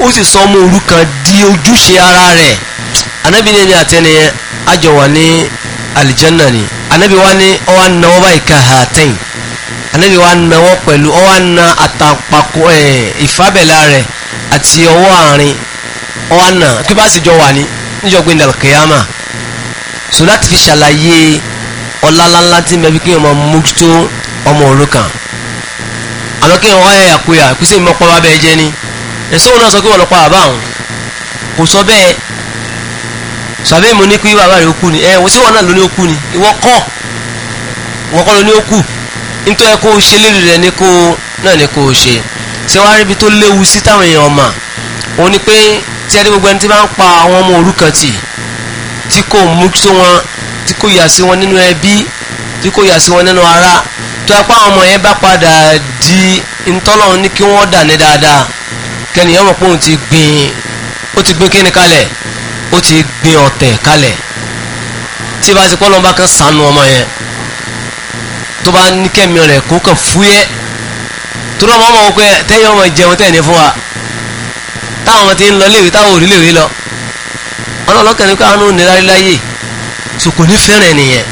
S1: ó sì sọ ọmọ òrukàn di ojúṣe ara rẹ̀ Ànábì ní èmi àtẹni yẹn àjọ wà ní alìjánà ni Ànábì wa ní ọwọ́ anáwọ́ báyìí ká ha tẹ́yìn Ànábì wa náwọ́ pẹ̀lú ọwọ́ aná àtàpàkọ ìfábẹ̀lá rẹ̀ àti ọwọ́ àárín ọwọ́ àná kí bá sì jọ wà ní níjọ́ gbé ndàlù kìyàmà so láti fi ṣàlàyé ọ̀làlàlà tí mẹ́bí kí ọmọ mójútó ọmọ òrukàn àmọ́ kí wọ́n yà kúyà kí sèmi mọ́ pọ́n bẹ́ẹ̀ jẹ́ ni ẹ̀sùn náà sọ pé wọ́n lọ pa bàbá àwọn kò sọ bẹ́ẹ̀ sàbẹ́ mo ní kí bàbá rẹ̀ ó kú ni ẹ̀ wọ́n sì wọ́n náà ló ní ó kú ni ìwọ kọ́ wọ́n kọ́ ló ní ó kú nítorí kó o ṣe lérí rẹ̀ ní kó náà ní kó o ṣe ṣé wàá rí ibi tó léwu sí táwọn èèyàn ọ̀mà òun ni pé tí a rí gbogbo ẹni tí bá ń pa àwọn ọmọ òrukàn tì tí kò mú sí wọn tí kò yà sí wọn nínú ẹbí tí kò yà sí wọn nínú ara tó apá àwọn ọmọ yẹn bá padà di ntọ́lọ̀ ní kí wọ́n dà ní dáadáa kẹ́niyàn mọ̀ pé òun ti gbìn ó ti gbìn kíni kalẹ̀ ó ti gbìn ọ̀tẹ̀ kalẹ̀ tí bá ti pọ́ lọ́nba kan sànù ọmọ yẹn tó bá ní kẹ́mi rẹ̀ kó kàn fúyẹ́ tó lọ́mọ ọmọ wọn pé tẹ́yìn ọmọ jẹun tẹ́yìn ní fún wa táwọn ọmọ ti ń lọ léèwé táwọn ò rí léèwé lọ ọlọ́ọ̀lọ́kàn ní pé àwọn ò ní láyé láyè so kò ní fẹ́ràn nìyẹn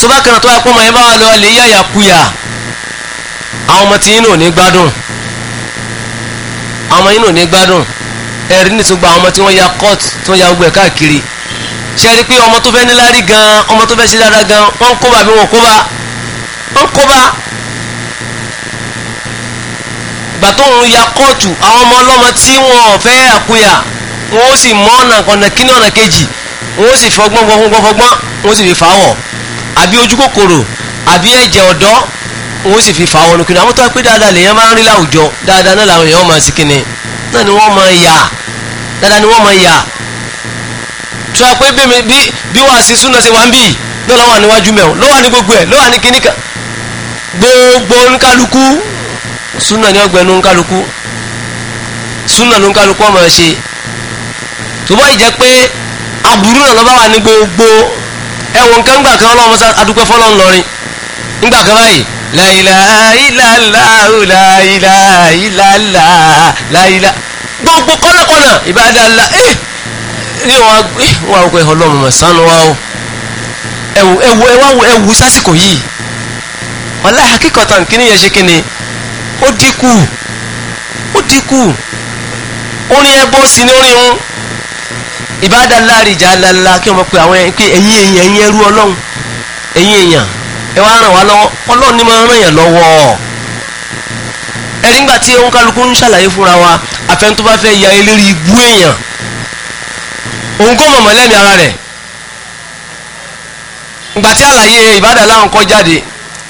S1: so bákan náà tó wáyé pé ọmọ yẹn bá wà lọ lè yáyà kuyà àwọn ọmọ tí inú ò ní gbádùn àwọn ọmọ inú ò ní gbádùn ẹ̀rí ní tún gba àwọn ọmọ tí wọ́n ya court tí wọ́n ya gbogbo ẹ̀ káàkiri ṣe rí i pé ọmọ tó fẹ́ níláárí gan ọmọ tó fẹ́ ṣe dáadáa gan wọ́n kóbá bí wọ́n kóbá wọ́n kóbá ìgbà tó ń ya kóòtù àwọn ọmọ ọlọ́mọ tí wọ́n fẹ́ àkúyà wọ́n ó sì mọ ọ̀nà ọ̀nà kíní ọ̀nà kejì wọ́n ó sì fọgbọ́n fọgbọ́n fọgbọ́n wọ́n sì fi fà wọ̀ àbí ojú kòkòrò àbí ẹ̀jẹ̀ ọ̀dọ́ wọ́n ó sì fi fà wọ̀ nùkìnnì àwọn tó wá pé dáadáa lèèyàn máa ń rí láwùjọ dáadáa náà làwọn èèyàn máa sì kíni náà ni wọ́n máa yà dáadáa ni wọ́n máa yà tó wá pé bí wàá súnà ní ọgbẹ́nu kálukú súnà ní kálukú ọmọ ṣe tó bá yìí jẹ́ pé aburú náà lọ́ba wà ní gbogbo ẹ̀wọ̀n kan gbà kan ọlọ́run sá adúpẹ́ fọlọ́n lọ́rin nígbà kan báyìí láìlà ìlàlá láìlà ìlàlá láìlà gbogbo kọ́nàkọ́nà ìbádàlá ẹ̀ eh, ní wọn wọn àrùkọ ẹ̀họ́ lọ́mọ mọ̀sánú wa o ẹ̀wù ẹ̀wù ẹ̀wù sásìkò yìí ọ̀la àkíkọ̀tàn kí yẹn ṣe kí ó dínkù ó dínkù orin ẹbọ sí ní orin wọn ìbádàlá rìjà lálá kí wọn pe àwọn pé ẹ̀yin èèyàn ẹ̀yin ẹrú Ọlọ́run ẹ̀yin èèyàn ẹ wá ràn wá lọ́wọ́ Ọlọ́run ni máa ràn yàn lọ́wọ́ ẹrí ńgbà tí òun kálukú ń ṣàlàyé fúnra wa àfẹn tó bá fẹ́ ya eléré ibú èèyàn òun kò mọ̀mọ́ lẹ́nu ara rẹ̀ ìgbà àlàyé ìbádàlá ń kọ́ jáde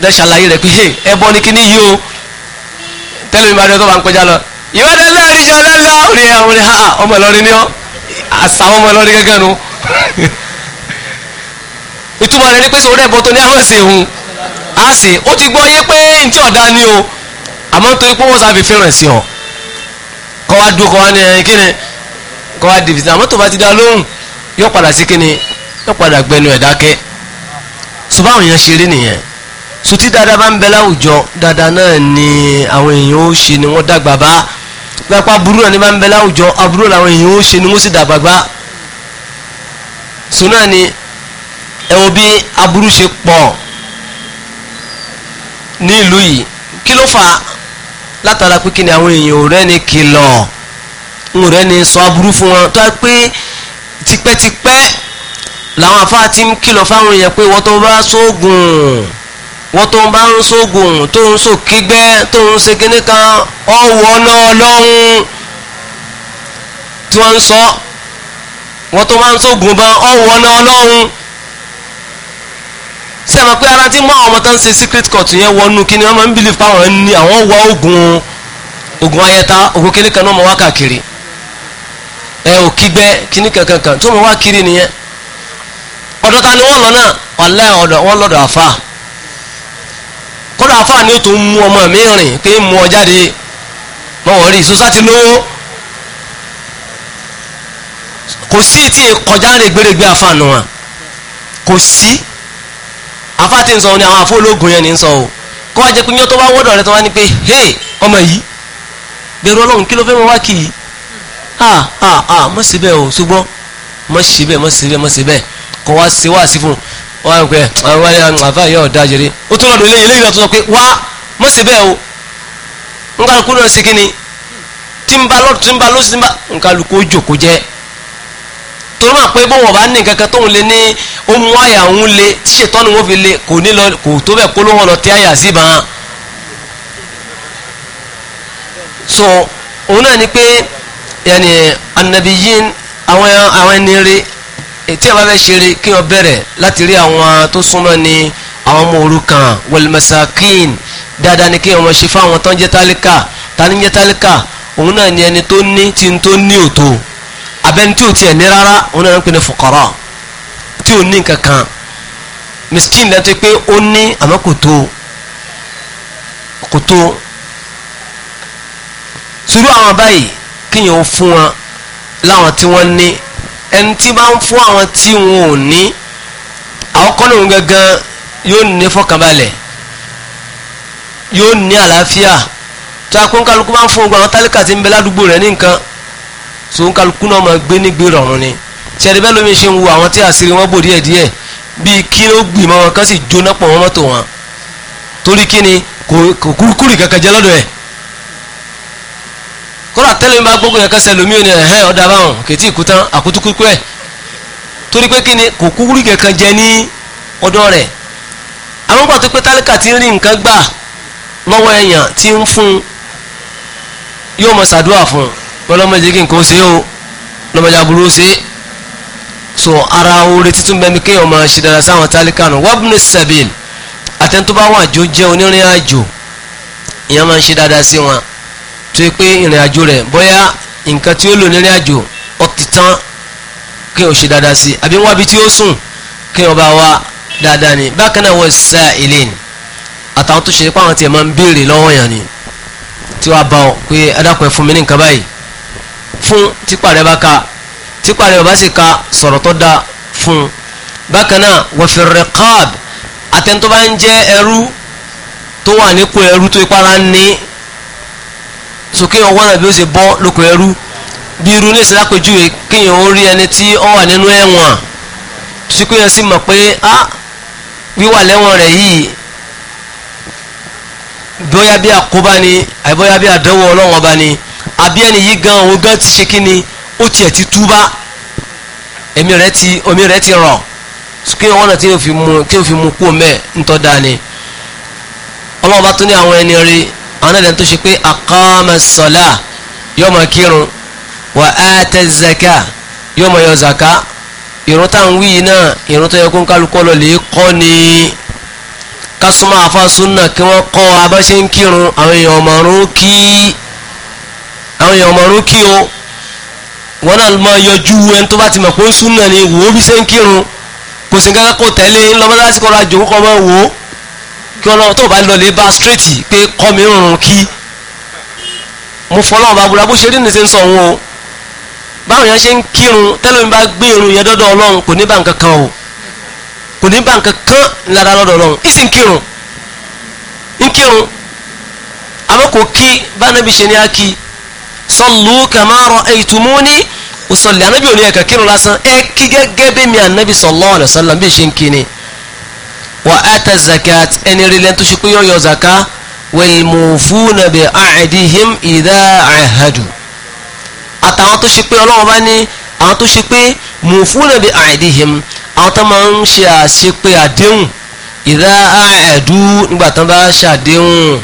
S1: lẹ́ ṣàlàyé rẹ̀ pé ẹbọ ni kíní yìí o tẹ́lẹ̀ mi bá dẹ́ tó bá ń kọjá lọ ìwé dẹ́lẹ́ àríjọ lẹ́lẹ́ òní àwọn ni ọmọ ìlọrin ni ọ́ àṣà ọmọ ìlọrin gẹ́gẹ́ nu ìtumọ̀ rẹ̀ ni pé sòwúrẹ́ bọ́ tó ní àwọn ẹ̀sìn ìhun á sì ó ti gbọ́ yé pé ntí ọ̀dà ni o àmọ́ nítorí pé wọ́n sábì fẹ́ràn sí ọ kọ́ wa dúró kọ́ wa ní ẹ̀yìn kíni kọ́ wa dìbìtì àmọ́ tó bá ti dá lóhùn yóò padà sí kíni yóò padà gbẹnu ẹ̀ dákẹ́ ṣùgbọ́n àwọn èèyàn ṣeré nìyẹn sotí dáadáa bá ń bẹ láwùjọ dáadáa náà ni àwọn èèyàn ó ṣe ni wọ́n dàgbà bá gbapá burú náà ni bá ń bẹ láwùjọ aburú làwọn èèyàn ó ṣe ni wọ́n sì dàgbà bá so náà ni ẹ wo bí aburú ṣe pọ̀ ní ìlú yìí kí ló fà látara pé kí ni àwọn èèyàn ò rẹ́ni kìlọ̀ ń rẹ́ni sọ aburú fún wọn tó a pé tipẹ́tipẹ́ làwọn afá ti ń kìlọ̀ fáwọn èèyàn pé wọ́n tó bá sóògùn. So wọ́n tó ń bá ń sógun tó ń sòkígbẹ́ tó ń ṣe kíní kan ọ̀wọ́ náà lọ́hùn tí wọ́n ń sọ wọ́n tó máa ń sógun bá ọ̀wọ́ náà lọ́hùn sí àmọ́ pé ara tí mú àwọn ọmọ tó ń ṣe secret court yẹn wọnú kíní wọ́n máa ń believe pa àwọn ní àwọn wọ ogun ogun ayẹta ogun kíní kan náà mọ̀ wá káàkiri ẹ ò kígbẹ́ kíní kankan tó mọ̀ wá kiri nìyẹn ọ̀dọ̀ ta ni wọ́n lọ náà wàlẹ́ ọ̀dọ̀ wọ́n lọ́dọ̀ àfáà kódà afá ni ó tó ń mú ọmọ mi rìn kí ń mú ọ jáde mọ̀wọ́ rí sọ́sáàtì lówó kò sí tí kọjá rìn gbèrègbè afá nù wọn kò sí afá tí ń sọ ni àwọn afó yẹn ní ń sọ o kọ́ wá jẹ́ pé yọ́n tó bá wọ́dọ̀ rẹ tó wá ní pé hey ọmọ yìí bẹ̀rù ọlọ́run kí ló fẹ́ mọ wá kì í ah ah ah mọ̀ síbẹ̀ o ṣùgbọ́n mọ̀ síbẹ̀ mọ̀ síbẹ̀ mọ̀ síbẹ̀ kọ́ wá sí wá sí fún un wọ́n á pẹ́ àwọn àfa yọ ọ̀dà jẹ̀rẹ̀ ó tún lọ́dún ilé ilé yọ tó sọ pé wá mọ̀ sí bẹ́ẹ̀ o nkálukú náà sí kíni tí ń ba lọ́dún tí ń ba lọ́sí tí ń ba nkálukú ó jòkó jẹ́ torí wọn pé bó wọn bá ní kankan tóun lé ní ohun àyà òun lé tí ṣètọ́nu wọn fi lé kò ní lọ kò tó bẹ́ẹ̀ kó ló wọn lọ tẹ́ àyà sí ibà so òun náà ni pé yẹn ni anabiyin àwọn ẹni rí ètí àbá fẹ́ ṣeré kí wọ́n bẹ̀rẹ̀ láti rí àwọn tó súnmọ́ ni àwọn ọmọ òrukàn wẹlmẹsàkín dáadáa ni kí wọ́n ṣe fáwọn tó ń jẹ́ tálíkà tani ń jẹ́ tálíkà òun náà ni ẹni tó ní tí n tó ní òtò abẹ́ni tí ò tiẹ̀ ní rárá òun náà ń pè ní fòkọ́rọ́ tí ò ní nǹkan kan miskin lẹ́tọ́ pé ó ní àmọ́ kò tó kò tó sùúrù àwọn báyìí kíyàn ó fún wọn láwọn tí wọ́n ní ẹni tí bá ń fún àwọn tí wọn ò ní àwọn kọ́nà òun gangan yóò ní fọkànbalẹ̀ yóò ní àlàáfíà tí a kó nkálukú bá ń fún gbogbo àwọn tálíkà tí ń bẹ ládùúgbò rẹ̀ ní nǹkan so nkálukú náà máa gbé nígbè rọ̀rùn ni tẹ̀lé bẹ́ẹ̀ lómi ṣe ń wo àwọn tí àṣírí wọn bò díẹ̀ díẹ̀ bíi kí ló gbìmọ̀ wọn kan sì jóná pọ̀ wọn mọ́tò wọn torí kí kò kúrì kankan jẹ́ lọ́dọ̀ ẹ̀ kódà tẹ́lẹ̀ mi bá gbógun yẹn kẹsẹ̀ lómi òní ẹ̀hẹ́ ọ̀dà báwọn kìtì kú tán àkútúkúkú ẹ̀ torí pé kíni kò kúkúrú kankan jẹ ní ọ̀dọ̀ rẹ̀ àwọn gbà tó pé tálíkà ti ń rí nǹkan gbà lọ́wọ́ ẹ̀yàn ti ń fún yóò mọ̀ ṣàdúrà fún lọ́lọ́mọdé kí nǹkan ṣe o lọ́mọdé aburú ṣe é so ara oore títún bẹ́ni kéèyàn máa ṣe dára sáwọn tálíkà nù wabni sabil àtẹnudọ́bá wà jó jẹ́ onírìn àjò ìyẹn máa ń ṣe dáadáa sí wọn tó yẹ pé ìrìn àjò rẹ̀ bóyá nǹkan tí ó lò ní ìrìn àjò ó ti tán kí ṣe dáadáa sí àbí wọ́n abi tí ó sùn kí o bá wa dáadáa ni bákan náà wọ́n sá ilé ni àtàwọn tó ṣe pé àwọn tiẹ̀ máa ń béèrè lọ́wọ́ yẹn ni tí wàá bá ọ pé adákùn fún mi ní nǹkan báyìí fún tipa rẹ bá ka tipa rẹ bá sì ka sọ̀rọ̀ tó da fún un bákan náà wọ́n fi riqab àtẹ̀ntó bá ń jẹ́ ẹrú tó wà nípò ẹrú tó ipára ní so kéèyàn wọ́n náà bí ó ṣe bọ́ lóko ẹrú bí irú ní ìsìlá pèjúwe kéèyàn ó rí ẹni tí ó wà nínú ẹ̀wọ̀n tó ṣe kéèyàn sì mọ̀ pé á wíwà lẹ́wọ̀n rẹ̀ yìí bóyá bí àkóbá ni àbí bóyá bí àdánwò ọlọ́wọ́n bá ni àbí ẹni yìí gan òun gan ti ṣe kí ni ó tiẹ̀ ti túbá ẹ̀mí rẹ̀ ti omi rẹ̀ ti rọ̀ kéèyàn wọ́n náà tí yóò fi mú kó mẹ́ ń tọ́ da ni ọlọ́wọ́n bá tún ní àwọn ẹni rí àwọn náà lẹ́nu tó ṣe pé aqama as-salah yóò máa kírun wa ata az-zakah yóò máa yọ zaka ìrun táwọn wíyì náà ìrun tó yẹ kó ń kálukọ́ lọ lè kọ́ ni kásùmọ́ àfàsúnà kí wọ́n kọ́ abáṣe ń kírun àwọn èèyàn ọmọrún kí àwọn èèyàn ọmọrún kí o wọ́n náà máa yọjú ẹni tó bá ti mọ̀ pé ó ń súnà ni wò ó bí ṣe ń kírun kò sí nǹkan kó tẹ̀lé ńlọ́mọdé lásìkò ọ̀rọ̀ àjòkó kọ́ máa wò ó kí ọlọ́run tó bá lọlé bá straight pé kọ́ mi rùn kí mo fọlọ́run bá búra ṣe rí ni ṣe ń sọ òun o báwọn yẹn ṣe ń kírun tẹ́lẹ̀mí bá gbé irun yẹn dọ́dọ̀ ọlọ́run kò ní bá nǹkan kan o kò ní bá nǹkan kan lára lọ́dọ̀ ọlọ́run ìsì ń kírun ń kírun àmọ́ kò kí bá ṣe ní á kí sallu kama ra'aytumuni usalli anábì ò ní ẹ̀ka kírun lásán ẹ kí gẹ́gẹ́ bí mi anábì sallallahu alaihi wasallam bí ṣe ń kí ni wa ata zakat ẹni rẹ̀lẹ́ tó ṣe pé yọ yọ zaka wal-mufuna bi a'dihim idha 'ahadu àtàwọn tó ṣe pé ọlọ́wọ́n bá ní àwọn tó ṣe pé mufuna bi a'dihim àwọn tó máa ń ṣe àṣepé àdéhùn idha 'ahadu nígbà tó bá ṣàdéhùn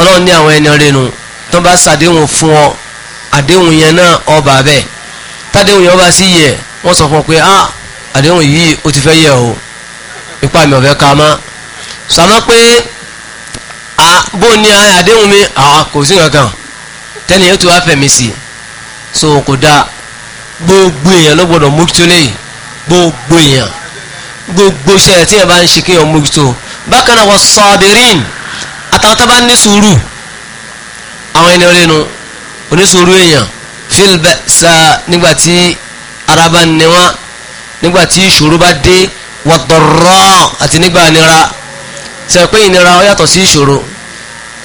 S1: ọlọ́run ní àwọn ẹni rinu tó bá ṣàdéhùn fún ọ àdéhùn yẹn náà ọba bẹ́ẹ̀ tádéhùn yẹn ọba sí yẹ wọ́n sọ fún ọ pé ah, àdéhùn yìí ó ti fẹ́ yẹ o ipá mi ọ̀fẹ́ ká mọ́ sọmọ́ pé bó ni àdéhùn mi kò sí kankan tẹ́lẹ̀ yóò ti wá fẹ̀mí sí so kò dáa gbogbo èèyàn ló gbọdọ̀ mójútó léyìí gbogbo èèyàn gbogbo iṣẹ́ tí èèyàn bá ń ṣe kéèyàn mójútó bákan náà wọ́n sọ́ọ́bìrín àtàwọn tó bá ní sùúrù àwọn ẹni ọ̀rẹ́nu onísùúrù èèyàn fílbẹ̀ sa nígbà tí ara bá ní wọn nígbà ìṣòro bá dé wàdọ̀rọ̀ àti nígbà nira ṣe pé ìnira ó yàtọ̀ sí ìṣòro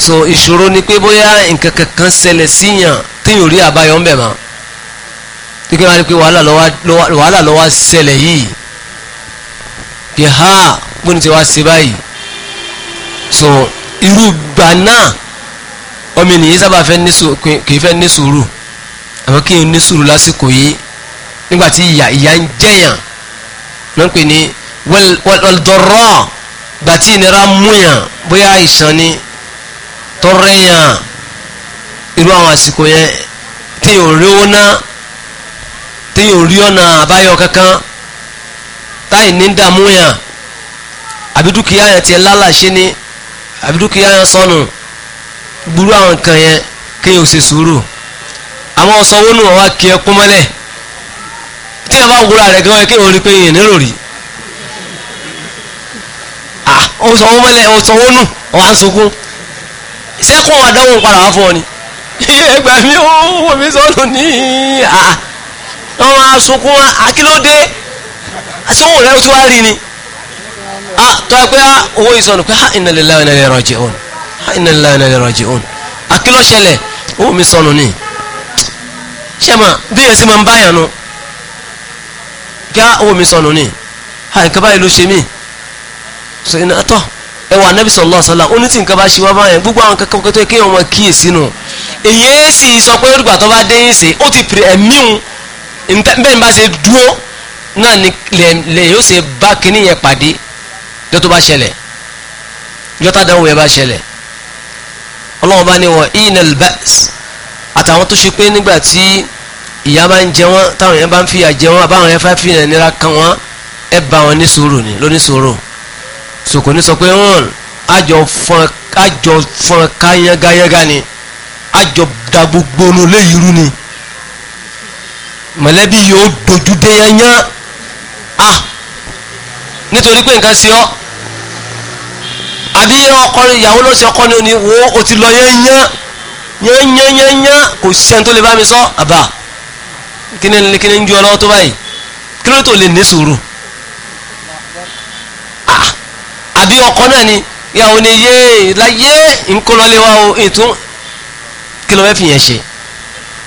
S1: so ìṣòro ni pé bóyá nǹkan kankan ṣẹlẹ̀ síyàn téèyàn rí àbáyọ ńbẹ̀ mọ́ kíkẹ́ wá ní pé wàhálà ló wá ṣẹlẹ̀ yìí pé ha bóni ti wá ṣe báyìí so irú gbà náà ọmọ ènìyàn sábà kì í fẹ́ ní sùúrù àmọ́ kí n ní sùúrù lásìkò yìí nígbà tí ìyà ń jẹ̀yàn náà pè ní wọ̀lọ̀dọ̀rọ̀ gbàtí ìnira múyàn bóyá àìsàn ni tọrẹyàn irú àwọn àsìkò yẹn téèyàn rí owó ná téèyàn rí ọ̀nà àbáyọ kankan táì ní dààmú yàn àbí dúkìá yẹn tiẹ̀ lálàṣẹ ni àbí dúkìá yẹn sọnù gbúrú àwọn nǹkan yẹn kéèyàn ò ṣe sùúrù àwọn ọ̀sán owó nù kí ẹ kún mọ́lẹ̀ tí ẹ bá wúra rẹ̀ gan-an kéèyàn rí pé èèyàn nírò rí òsòwò mọ́lẹ̀ òsòwò nù wà ń sunkún sẹ́kùn àdánwò padà wá fún ọ ni ẹgbà mi ó wò mí sọ́nù ní àà wọ́n máa sunkún akílódé àsìkò rẹ̀ tí wàá rí ni tọ́ ẹ pé owó ìsọnù pé inna lillahi wa inna ilayhi raji'un inna lillahi wa inna ilayhi raji'un akílọ́ṣẹlẹ̀ owó mi sọnù ní ṣẹ́mà bí yẹn sì máa ń báyàn nu kí owó mi sọnù ní àìkú báyìí ló ṣe mí so iná tọ́ ẹ wà nẹ́bí sọ̀lọ́ sọ́lá ó ní tí nǹkan bá ṣe wá báyẹn gbogbo àwọn kankan kó tó yẹ kéèyàn wọn kíyè sínú èyí ẹ sì sọ pé olùgbà tó bá dé yín sí ó ti pèrè ẹ̀mí òun bẹ́ẹ̀ ni bá ṣe dúró náà ni lè yóò ṣe bá kinní yẹn pàdé jọ́ tó bá ṣẹlẹ̀ jọ́ tá dáhùn yẹn bá ṣẹlẹ̀ ọlọ́run bá ní wọ inal ba's àtàwọn tó ṣe pé nígbà tí ìyá bá ń jẹ wọn táwọn yẹn bá ń fìyà jẹ wọn àbáwọn yẹn fẹ́ fìyà nira kan wọn ẹ bá wọn ní sùúrù ni lóní sùúrù. Sokoni kò ní sọ pé hàn àjọ fọn àjọ fọn ká yángayánga ni àjọ da gbogbo nu léyìí rú ni mọ̀lẹ́bí yóò dojú dé yányán a nítorí pé nǹkan sí ọ àbí ọkọ ni ìyàwó ló ṣe ọkọ ni ni wo o ti lọ yányán yányányányán kò sẹ́ni tó lè bá mi sọ àbá kí ni kí ni ń ju ọ tó báyìí kí ló tó lè ní sùúrù. àbí ọkọ náà ni ìyàwó ni yé láyé nkọlọlé wa o ètò kí ló fẹ́ fi yẹn ṣe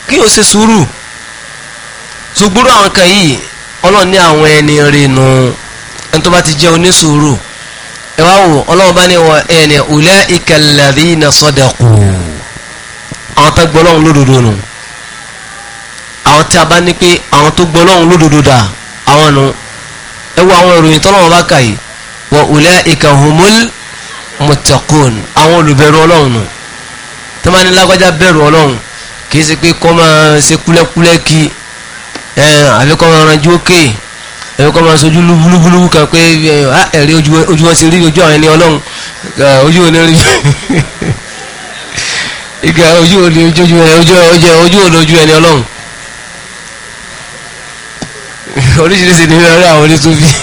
S1: kí o ṣe sùúrù ṣùgbúrú àwọn kan yìí ọlọ́run ní àwọn ẹni rinu ẹni tó bá ti jẹ́ onísùúrù ẹ wá wò ọlọ́run bá ní wọn ẹni ulaika alladhina sadaqu àwọn tó gbọ́ lọ́run lódodo nù àwọn tí a bá ní pé àwọn tó gbọ́ lọ́run lódodo dà àwọn nu ẹ wo àwọn ìròyìn tọ́lọ́run bá kà yìí wa ulaika humul muttaqun àwọn olùbẹ̀rù ọlọ́run nù tó máa ní lágbájá bẹ̀rù ọlọ́run kì í ṣe pé kọ́ máa ṣe kúlẹ́kúlẹ́ kí ẹ àbí kọ́ máa ranjú òkè ẹ̀rọ kọ́ máa sojú lúbúlúbúlú kan pé ẹ̀rí ojú wọn ti rí ojú àwọn ẹni ọlọ́run ojú òní rí ìgbà ojú òní ojú ojú ojú òní ojú ẹni ọlọ́run oríṣiríṣi ní ìrọ̀rẹ́ àwọn onítúbí.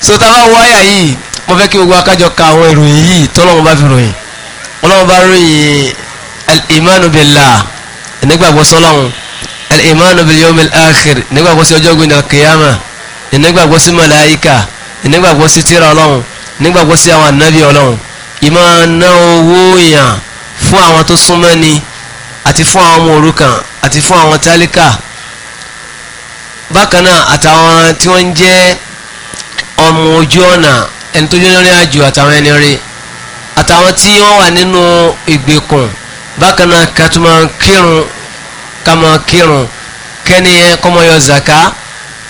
S1: sọta bá wáyà yìí mo fẹ́ kí gbogbo akájọ ka àwọn ìròyìn yìí tọ́lọ́mọ bá fi ròyìn ọlọ́mọ bá ròyìn al-imanu billah ìnígbàgbọ́ sọlọ́hún al-imanu bil yawm al-akhir ìnígbàgbọ́ sí ọjọ́ gbìyànjú kìyàmà ìnígbàgbọ́ sí màláyíkà ìnígbàgbọ́ sí tíra ọlọ́hún ìnígbàgbọ́ sí àwọn ànábì ọlọ́hún ìmọ̀ ná owó yàn fún àwọn tó súnmọ́ ni àti fún àwọn ọmọ òrukàn àti fún àwọn tálíkà bákan náà àtàwọn tí wọ́n ń jẹ́ ọmọ ojú ọ̀nà ẹni tó jẹ́ lórí àjò àtàwọn ẹni rí àtàwọn tí wọ́n wà nínú ìgbèkùn bákan náà ká tó máa kírun ká máa kírun kẹ́ni yẹn kọ́ máa yọ zaka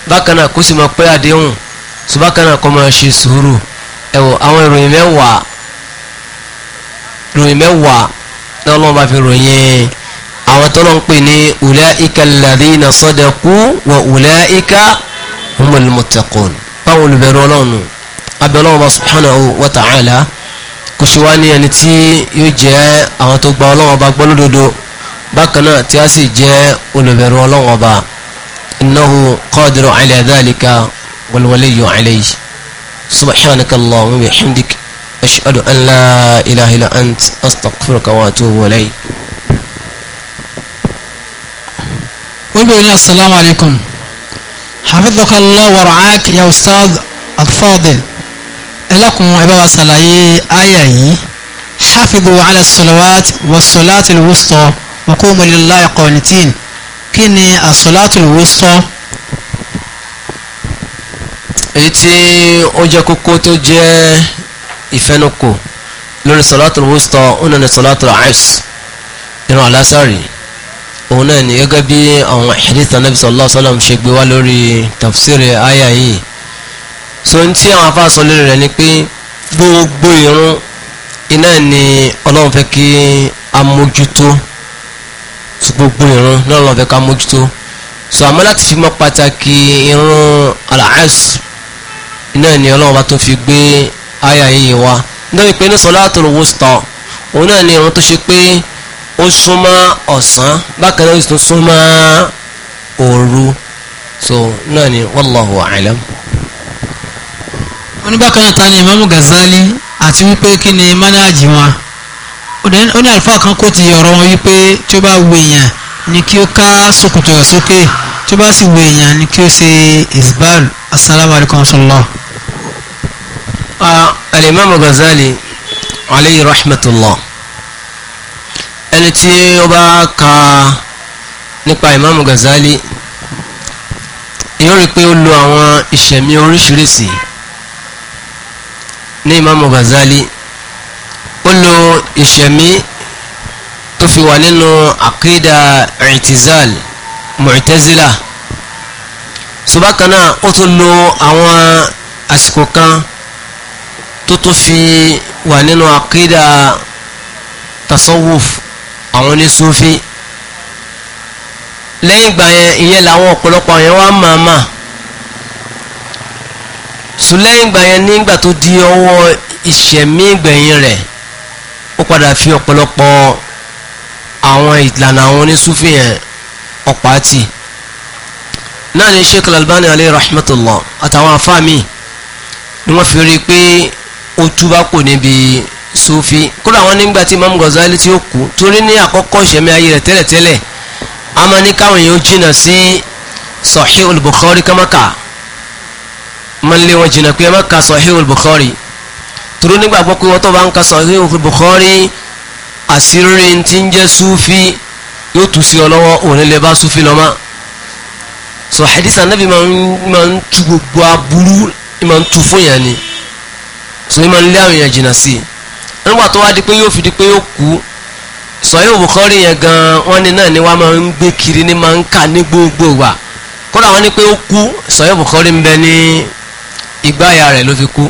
S1: bákan náà kó sì máa pé àdéhùn tó bákan náà kọ́ ṣe sùúrù ẹ̀wọ̀ àwọn ìròyìn mẹ́wàá ìròyìn mẹ́wàá náà lọ́wọ́ bá fi ròyìn àwọn tó lọ pè ní ulaika alladhina sadaqu wa ulaika humul muttaqun fáwọn olùbẹ̀rù ọlọ́run abẹ́ ọlọ́run bá subhanahu wa ta'ala kò ṣe wá ní ẹni tí yóò jẹ́ àwọn tó gba ọlọ́run ọba gbọ́ lódodo bákan náà tí a sì jẹ́ olùbẹ̀rù ọlọ́run ọba innahu qadiru ala dhalika wal waliyyu alayhi subhanaka allahumma wa bihamdik ashhadu an la ilaha illa ant astaghfiruka wa atubu ilayk.
S2: wọ́n bẹ̀rẹ̀ ní asalaamualeykum hafidhaka allah wa ra'ak ya ustad al-fadil ẹlẹ́kùn ẹ bá wa ṣàlàyé àyà yìí hafidhu ala salawat wa salati al-wusta wa qumu lillahi qanitin kí ni as-salatu al-wusta
S1: èyí tí ó jẹ́ kókó tó jẹ́ ìfẹnukò lórí salatu al-wusta ó nà ní salatu al-asr ìran alásàrì òun náà ni gẹ́gẹ́ bí àwọn hadith Ànábì sallallahu ṣe gbé wá lórí tafsir aya yìí so n tí àwọn afáàsọ lórí rẹ̀ ni pé gbogbo irun iná ni ọlọ́run fẹ́ kí a mójútó so gbogbo irun náà ọlọ́run fẹ́ kí a mójútó so àmọ́ láti fi mọ́ pàtàkì irun al iná ni ọlọ́run bá tún fi gbé aya yìí wá nítorí pé ní salatul wusta òun náà ni irun tó ṣe pé ó súnmọ́ ọ̀sán bákan náà ó sì tún súnmọ́ òru so náà ni wallahu a'lam.
S2: oníbàkan náà ta ni Imam Ghazali àti wípé kí ni mánàjì wọn ó ní àlùfáà kan kó ti ọ̀rọ̀ wọn wípé tí ó bá wo èèyàn ni kí ó ká ṣòkòtò rẹ̀ sókè tí ó bá sì wo èèyàn ni kí ó ṣe isbal assalamu sọlọ.
S1: al-Imam Ghazali alayhi ẹni tí ó bá ka nípa Imam gazali yóò rí pé ó lo àwọn ìṣẹ̀mí oríṣiríṣi ní Imam Ghazali ó lo ìṣẹ̀mí tó fi wà nínú àkídà i'tizal mu'tazila subakana ó tún lo àwọn àsìkò kan tó tún fi wà nínú àkídà tasawuf àwọn ní sufi lẹ́yìn ìgbà yẹn ìyẹn làwọn ọ̀pọ̀lọpọ̀ yẹn wá màmá sùlẹ́yìn ìgbà yẹn nígbà tó di ọwọ́ ìṣẹ̀mí ìgbẹ̀yìn rẹ̀ ó padà fi ọ̀pọ̀lọpọ̀ àwọn ìlànà àwọn onísúfì yẹn ọ̀pá tì náà ni Sheikh Al-Albani alayhi rahmatullah àtàwọn afáàmì ni wọ́n fi rí i pé ó túbá kò níbi sufi kódà wọn nígbà tí imam Ghazali tí ó kú torí ní àkọ́kọ́ ìṣẹ̀mí ayé rẹ̀ tẹ́lẹ̀tẹ́lẹ̀ a máa ní káwọn èèyàn jìnnà sí Sahihul Bukhari kámákà máa ń lé wọn jìnnà pé ẹ má ka Sahihul Bukhari torí nígbàgbọ́ pé wọ́n tó bá ń ka Sahihul Bukhari àṣírí tí ń jẹ́ sufi yóò tù sí ọ lọ́wọ́ òní lè bá sufi lọ́mọ sọ hadisa nabi máa ń tu gbogbo aburú máa ń tu fún yẹn ni so ìmọ̀ ń lé àwọn èèyàn jìnnà sí i nígbà tó wá di pé yóò fi di pé yóò kú sọyìn òbúkọ́rí yẹn gan wọ́n ní náà ni wọ́n máa ń gbé kiri ní máa ń kà ní gbogbo wa kódà wọ́n ní pé ó kú sọyìn òbúkọ́rí ń bẹ ní ìgbáyà rẹ̀ ló fi kú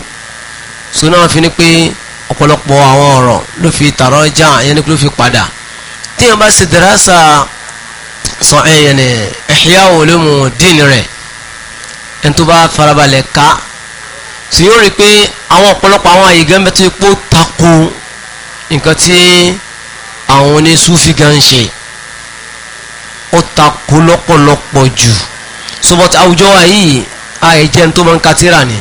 S1: so náà fi ni pé ọ̀pọ̀lọpọ̀ àwọn ọ̀rọ̀ ló fi tààrọ̀ já yẹn ni ló fi padà tí yẹn bá ṣe dẹ́rẹ́sà sọ ẹ̀yẹ̀ ni Ihya Ulumuddin rẹ̀ ẹni tó bá farabalẹ̀ ká tí yóò rí pé àwọn ọ̀pọ̀lọpọ̀ àwọn àyè gan bẹ́ẹ̀ tó yẹ kó tako nǹkan tí àwọn oníṣúfì gan ń ṣe ó tako lọ́pọ̀lọpọ̀ jù sobọ́tì àwùjọ wa yìí àyè jẹ́ ní tó máa ń ka tíra ni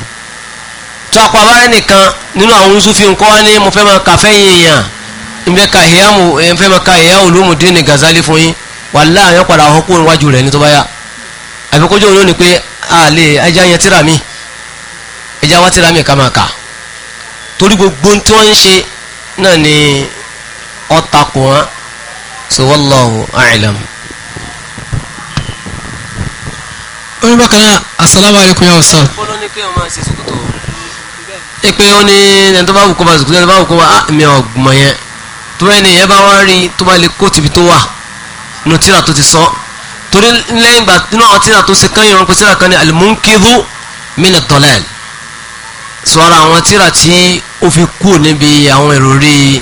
S1: tó apá abáyé nìkan nínú àwọn oníṣúfì nǹkan wá ní mo fẹ́ máa kà fẹ́yìn èèyàn ìfẹ́ ka ìyáàmù ìfẹ́ máa ka ìyá olómùdín ní Gazali fún yín wàláhì àwọn padà ọkọ̀ níwájú rẹ̀ ní tó bá yá àfikójú òun ló ní pé àlè ajá yẹn tíra mi ẹja wá tíra mi ká máa kà torí gbogbo tí wọ́n ń ṣe náà ni ọ̀tà kù wọ́n so wallahu a'lam.
S2: orin bákan náà asalaamu alaykum ya ọ̀sán. bọ́lá
S1: ní kí ọmọ ṣe sòkòtò. ipe ó ní ẹni tó bá wù kó bá sòkòtò ẹni tó bá wù kó bá ah, mi ọ̀gbọ̀n yẹn tó bá ẹni yẹn bá wá rí tó bá lè kó tìbí tó wà nù tíra tó ti sọ torí lẹ́yìn ìgbà nínú àwọn tíra tó ṣe kán yẹn wọn kò tíra kan ní alimunkidu mina dalal sọ ara àwọn tíra tí ó fi kú níbi àwọn ìròrí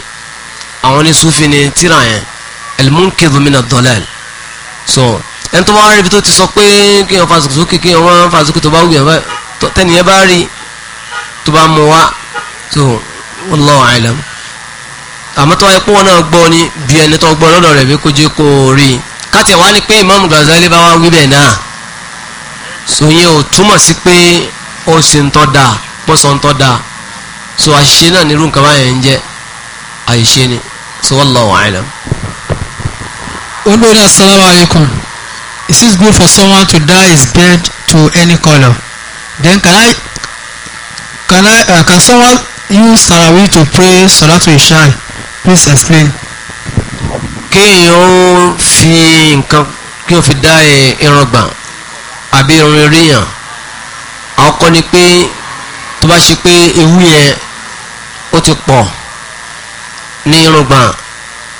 S1: àwọn oníṣúfin tíra yẹn al-munqidh min so ẹni tó bá wá rí ibi tó ti sọ pé kí wọn fàṣọ sókè kí wọn fàṣọ sókè tó bá wù tẹnìyẹn bá rí tó bá mú wá so wallahu a'lam àmọ́ tó wáyé pé wọn náà gbọ́ ni bí ẹni tó gbọ́ lọ́dọ̀ rẹ̀ bí kò jẹ́ kó rí káti ẹ̀ wá ní pé Imam gazali bá wá wí bẹ̀ náà so yẹn ò túmọ̀ sí pé ó ṣe ń tọ́ dáa pọ́sọ̀ntọ́ da so àṣìṣe náà nírú nǹkan báyẹn ń jẹ́ àṣìṣe ni so wallahu a'lam. olórí asalaamu alaykum
S2: is it good for someone to dye his beard to any colour then can I can I uh, can someone use tarawih to pray salatu ishan please explain.
S1: kéèyàn ó fi nǹkan kí o fi dye irun gbà àbí irun eré yàn àwọn kọ́ pé tó bá ṣe pé ewu yẹn ó ti pọ̀ ní irùngbọ̀n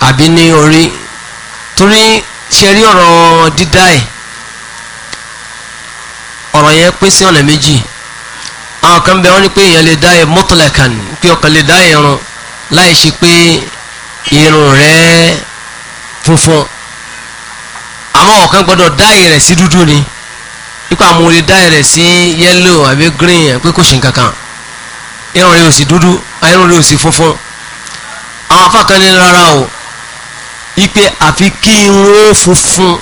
S1: àbí ní orí torí ṣe rí ọ̀rọ̀ dídá ẹ̀ ọ̀rọ̀ yẹn pín sí ọ̀nà méjì àwọn kan bẹ wọ́n ní pé èèyàn lè dá ẹ̀ mọ́tòlẹ̀kàn pé ọkàn lè dá irun láì ṣe pé irun rẹ̀ funfun àwọn ọ̀kan gbọ́dọ̀ dá ẹ̀ sí dúdú ni ikú àwọn olè dá rẹ̀ sí yẹ́lò àbí green pé kò ṣe nǹkan kan irun rẹ̀ ò sì dúdú irun rẹ̀ ò sì funfun àwọn afákan ní rárá o ipe àfi kí irun ó funfun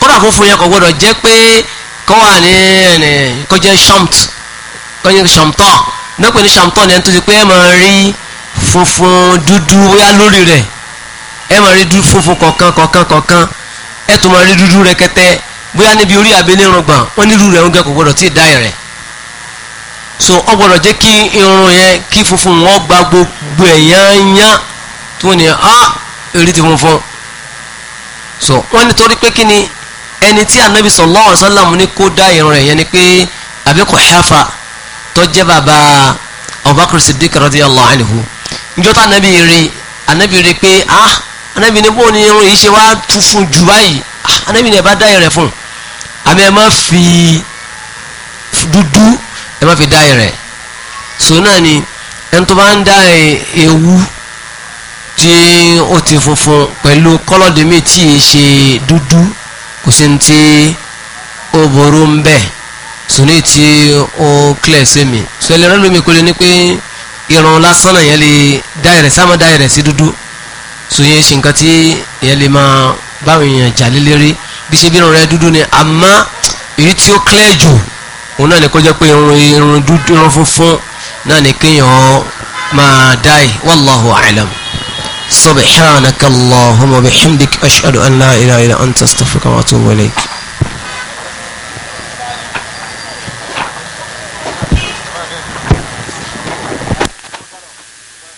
S1: kódà funfun yẹn kò gbọdọ̀ jẹ́ pé kó wà ní ẹnì kó jẹ́ shamt kó jẹ́ shamtọ́ náà pè ní shamtọ́ ni ẹni tó ti pé ẹ máa rí funfun dúdú bóyá lórí rẹ̀ ẹ máa rí dúdú funfun kọ̀ọ̀kan kọ̀ọ̀kan kọ̀ọ̀kan ẹ tún máa rí dúdú rẹ̀kẹ̀tẹ̀ bóyá níbi orí abẹ́lé irùngbọ̀n wọ́n ní irú rẹ̀ ń kò gbọ́dọ̀ tí ì dá ẹ̀rẹ̀ so ọ gbọ́dọ̀ jẹ́ kí irun yẹn kí funfun wọn gba gbogbo ẹ̀yán yán tó ní á èrè ti funfun so wọ́n ní torí pé kí ni ẹni tí anabi sallallahu alaihi wasallam ní kó dá irun rẹ̀ yẹn ni pé Abi Quhafa tó jẹ́ bàbá Abubakar Siddiq radiyallahu anhu njọ́ tá anabi rí anabi rí pé ah anabi ní bó ni irun yìí ṣe wá tu jù báyìí anabi ni ẹ bá dá yẹn rẹ fún àmì ẹ má fi dúdú ẹ má fi dá yẹn rẹ so náà ni ẹni tó bá ń dá e, ewu tí ó ti funfun pẹ̀lú kọ́lọ́dé mi tí ì ṣe dúdú kò sí ní tí ó ború ń bẹ̀ sùn ní tí ó clear sí mi so ẹlẹ́rọ lómi kò lè pé irun lásán náà yẹn lè dá ẹ̀rẹ̀ sáà má dá ẹ̀rẹ̀ sí dúdú so yẹn ṣe nǹkan tí yẹn lè máa báwọn èèyàn jà lé lérí bí ṣe bí irun rẹ dúdú ni àmọ́ èyí tí ó clear jù òun náà ni kó jẹ́ pé irun irun dúdú irun funfun náà ni kéèyàn máa dáì wallahu a'lam subhanakallahumma bihamdik ashhadu an la ilaha illa anta astaghfiruka wa atubu ilayk.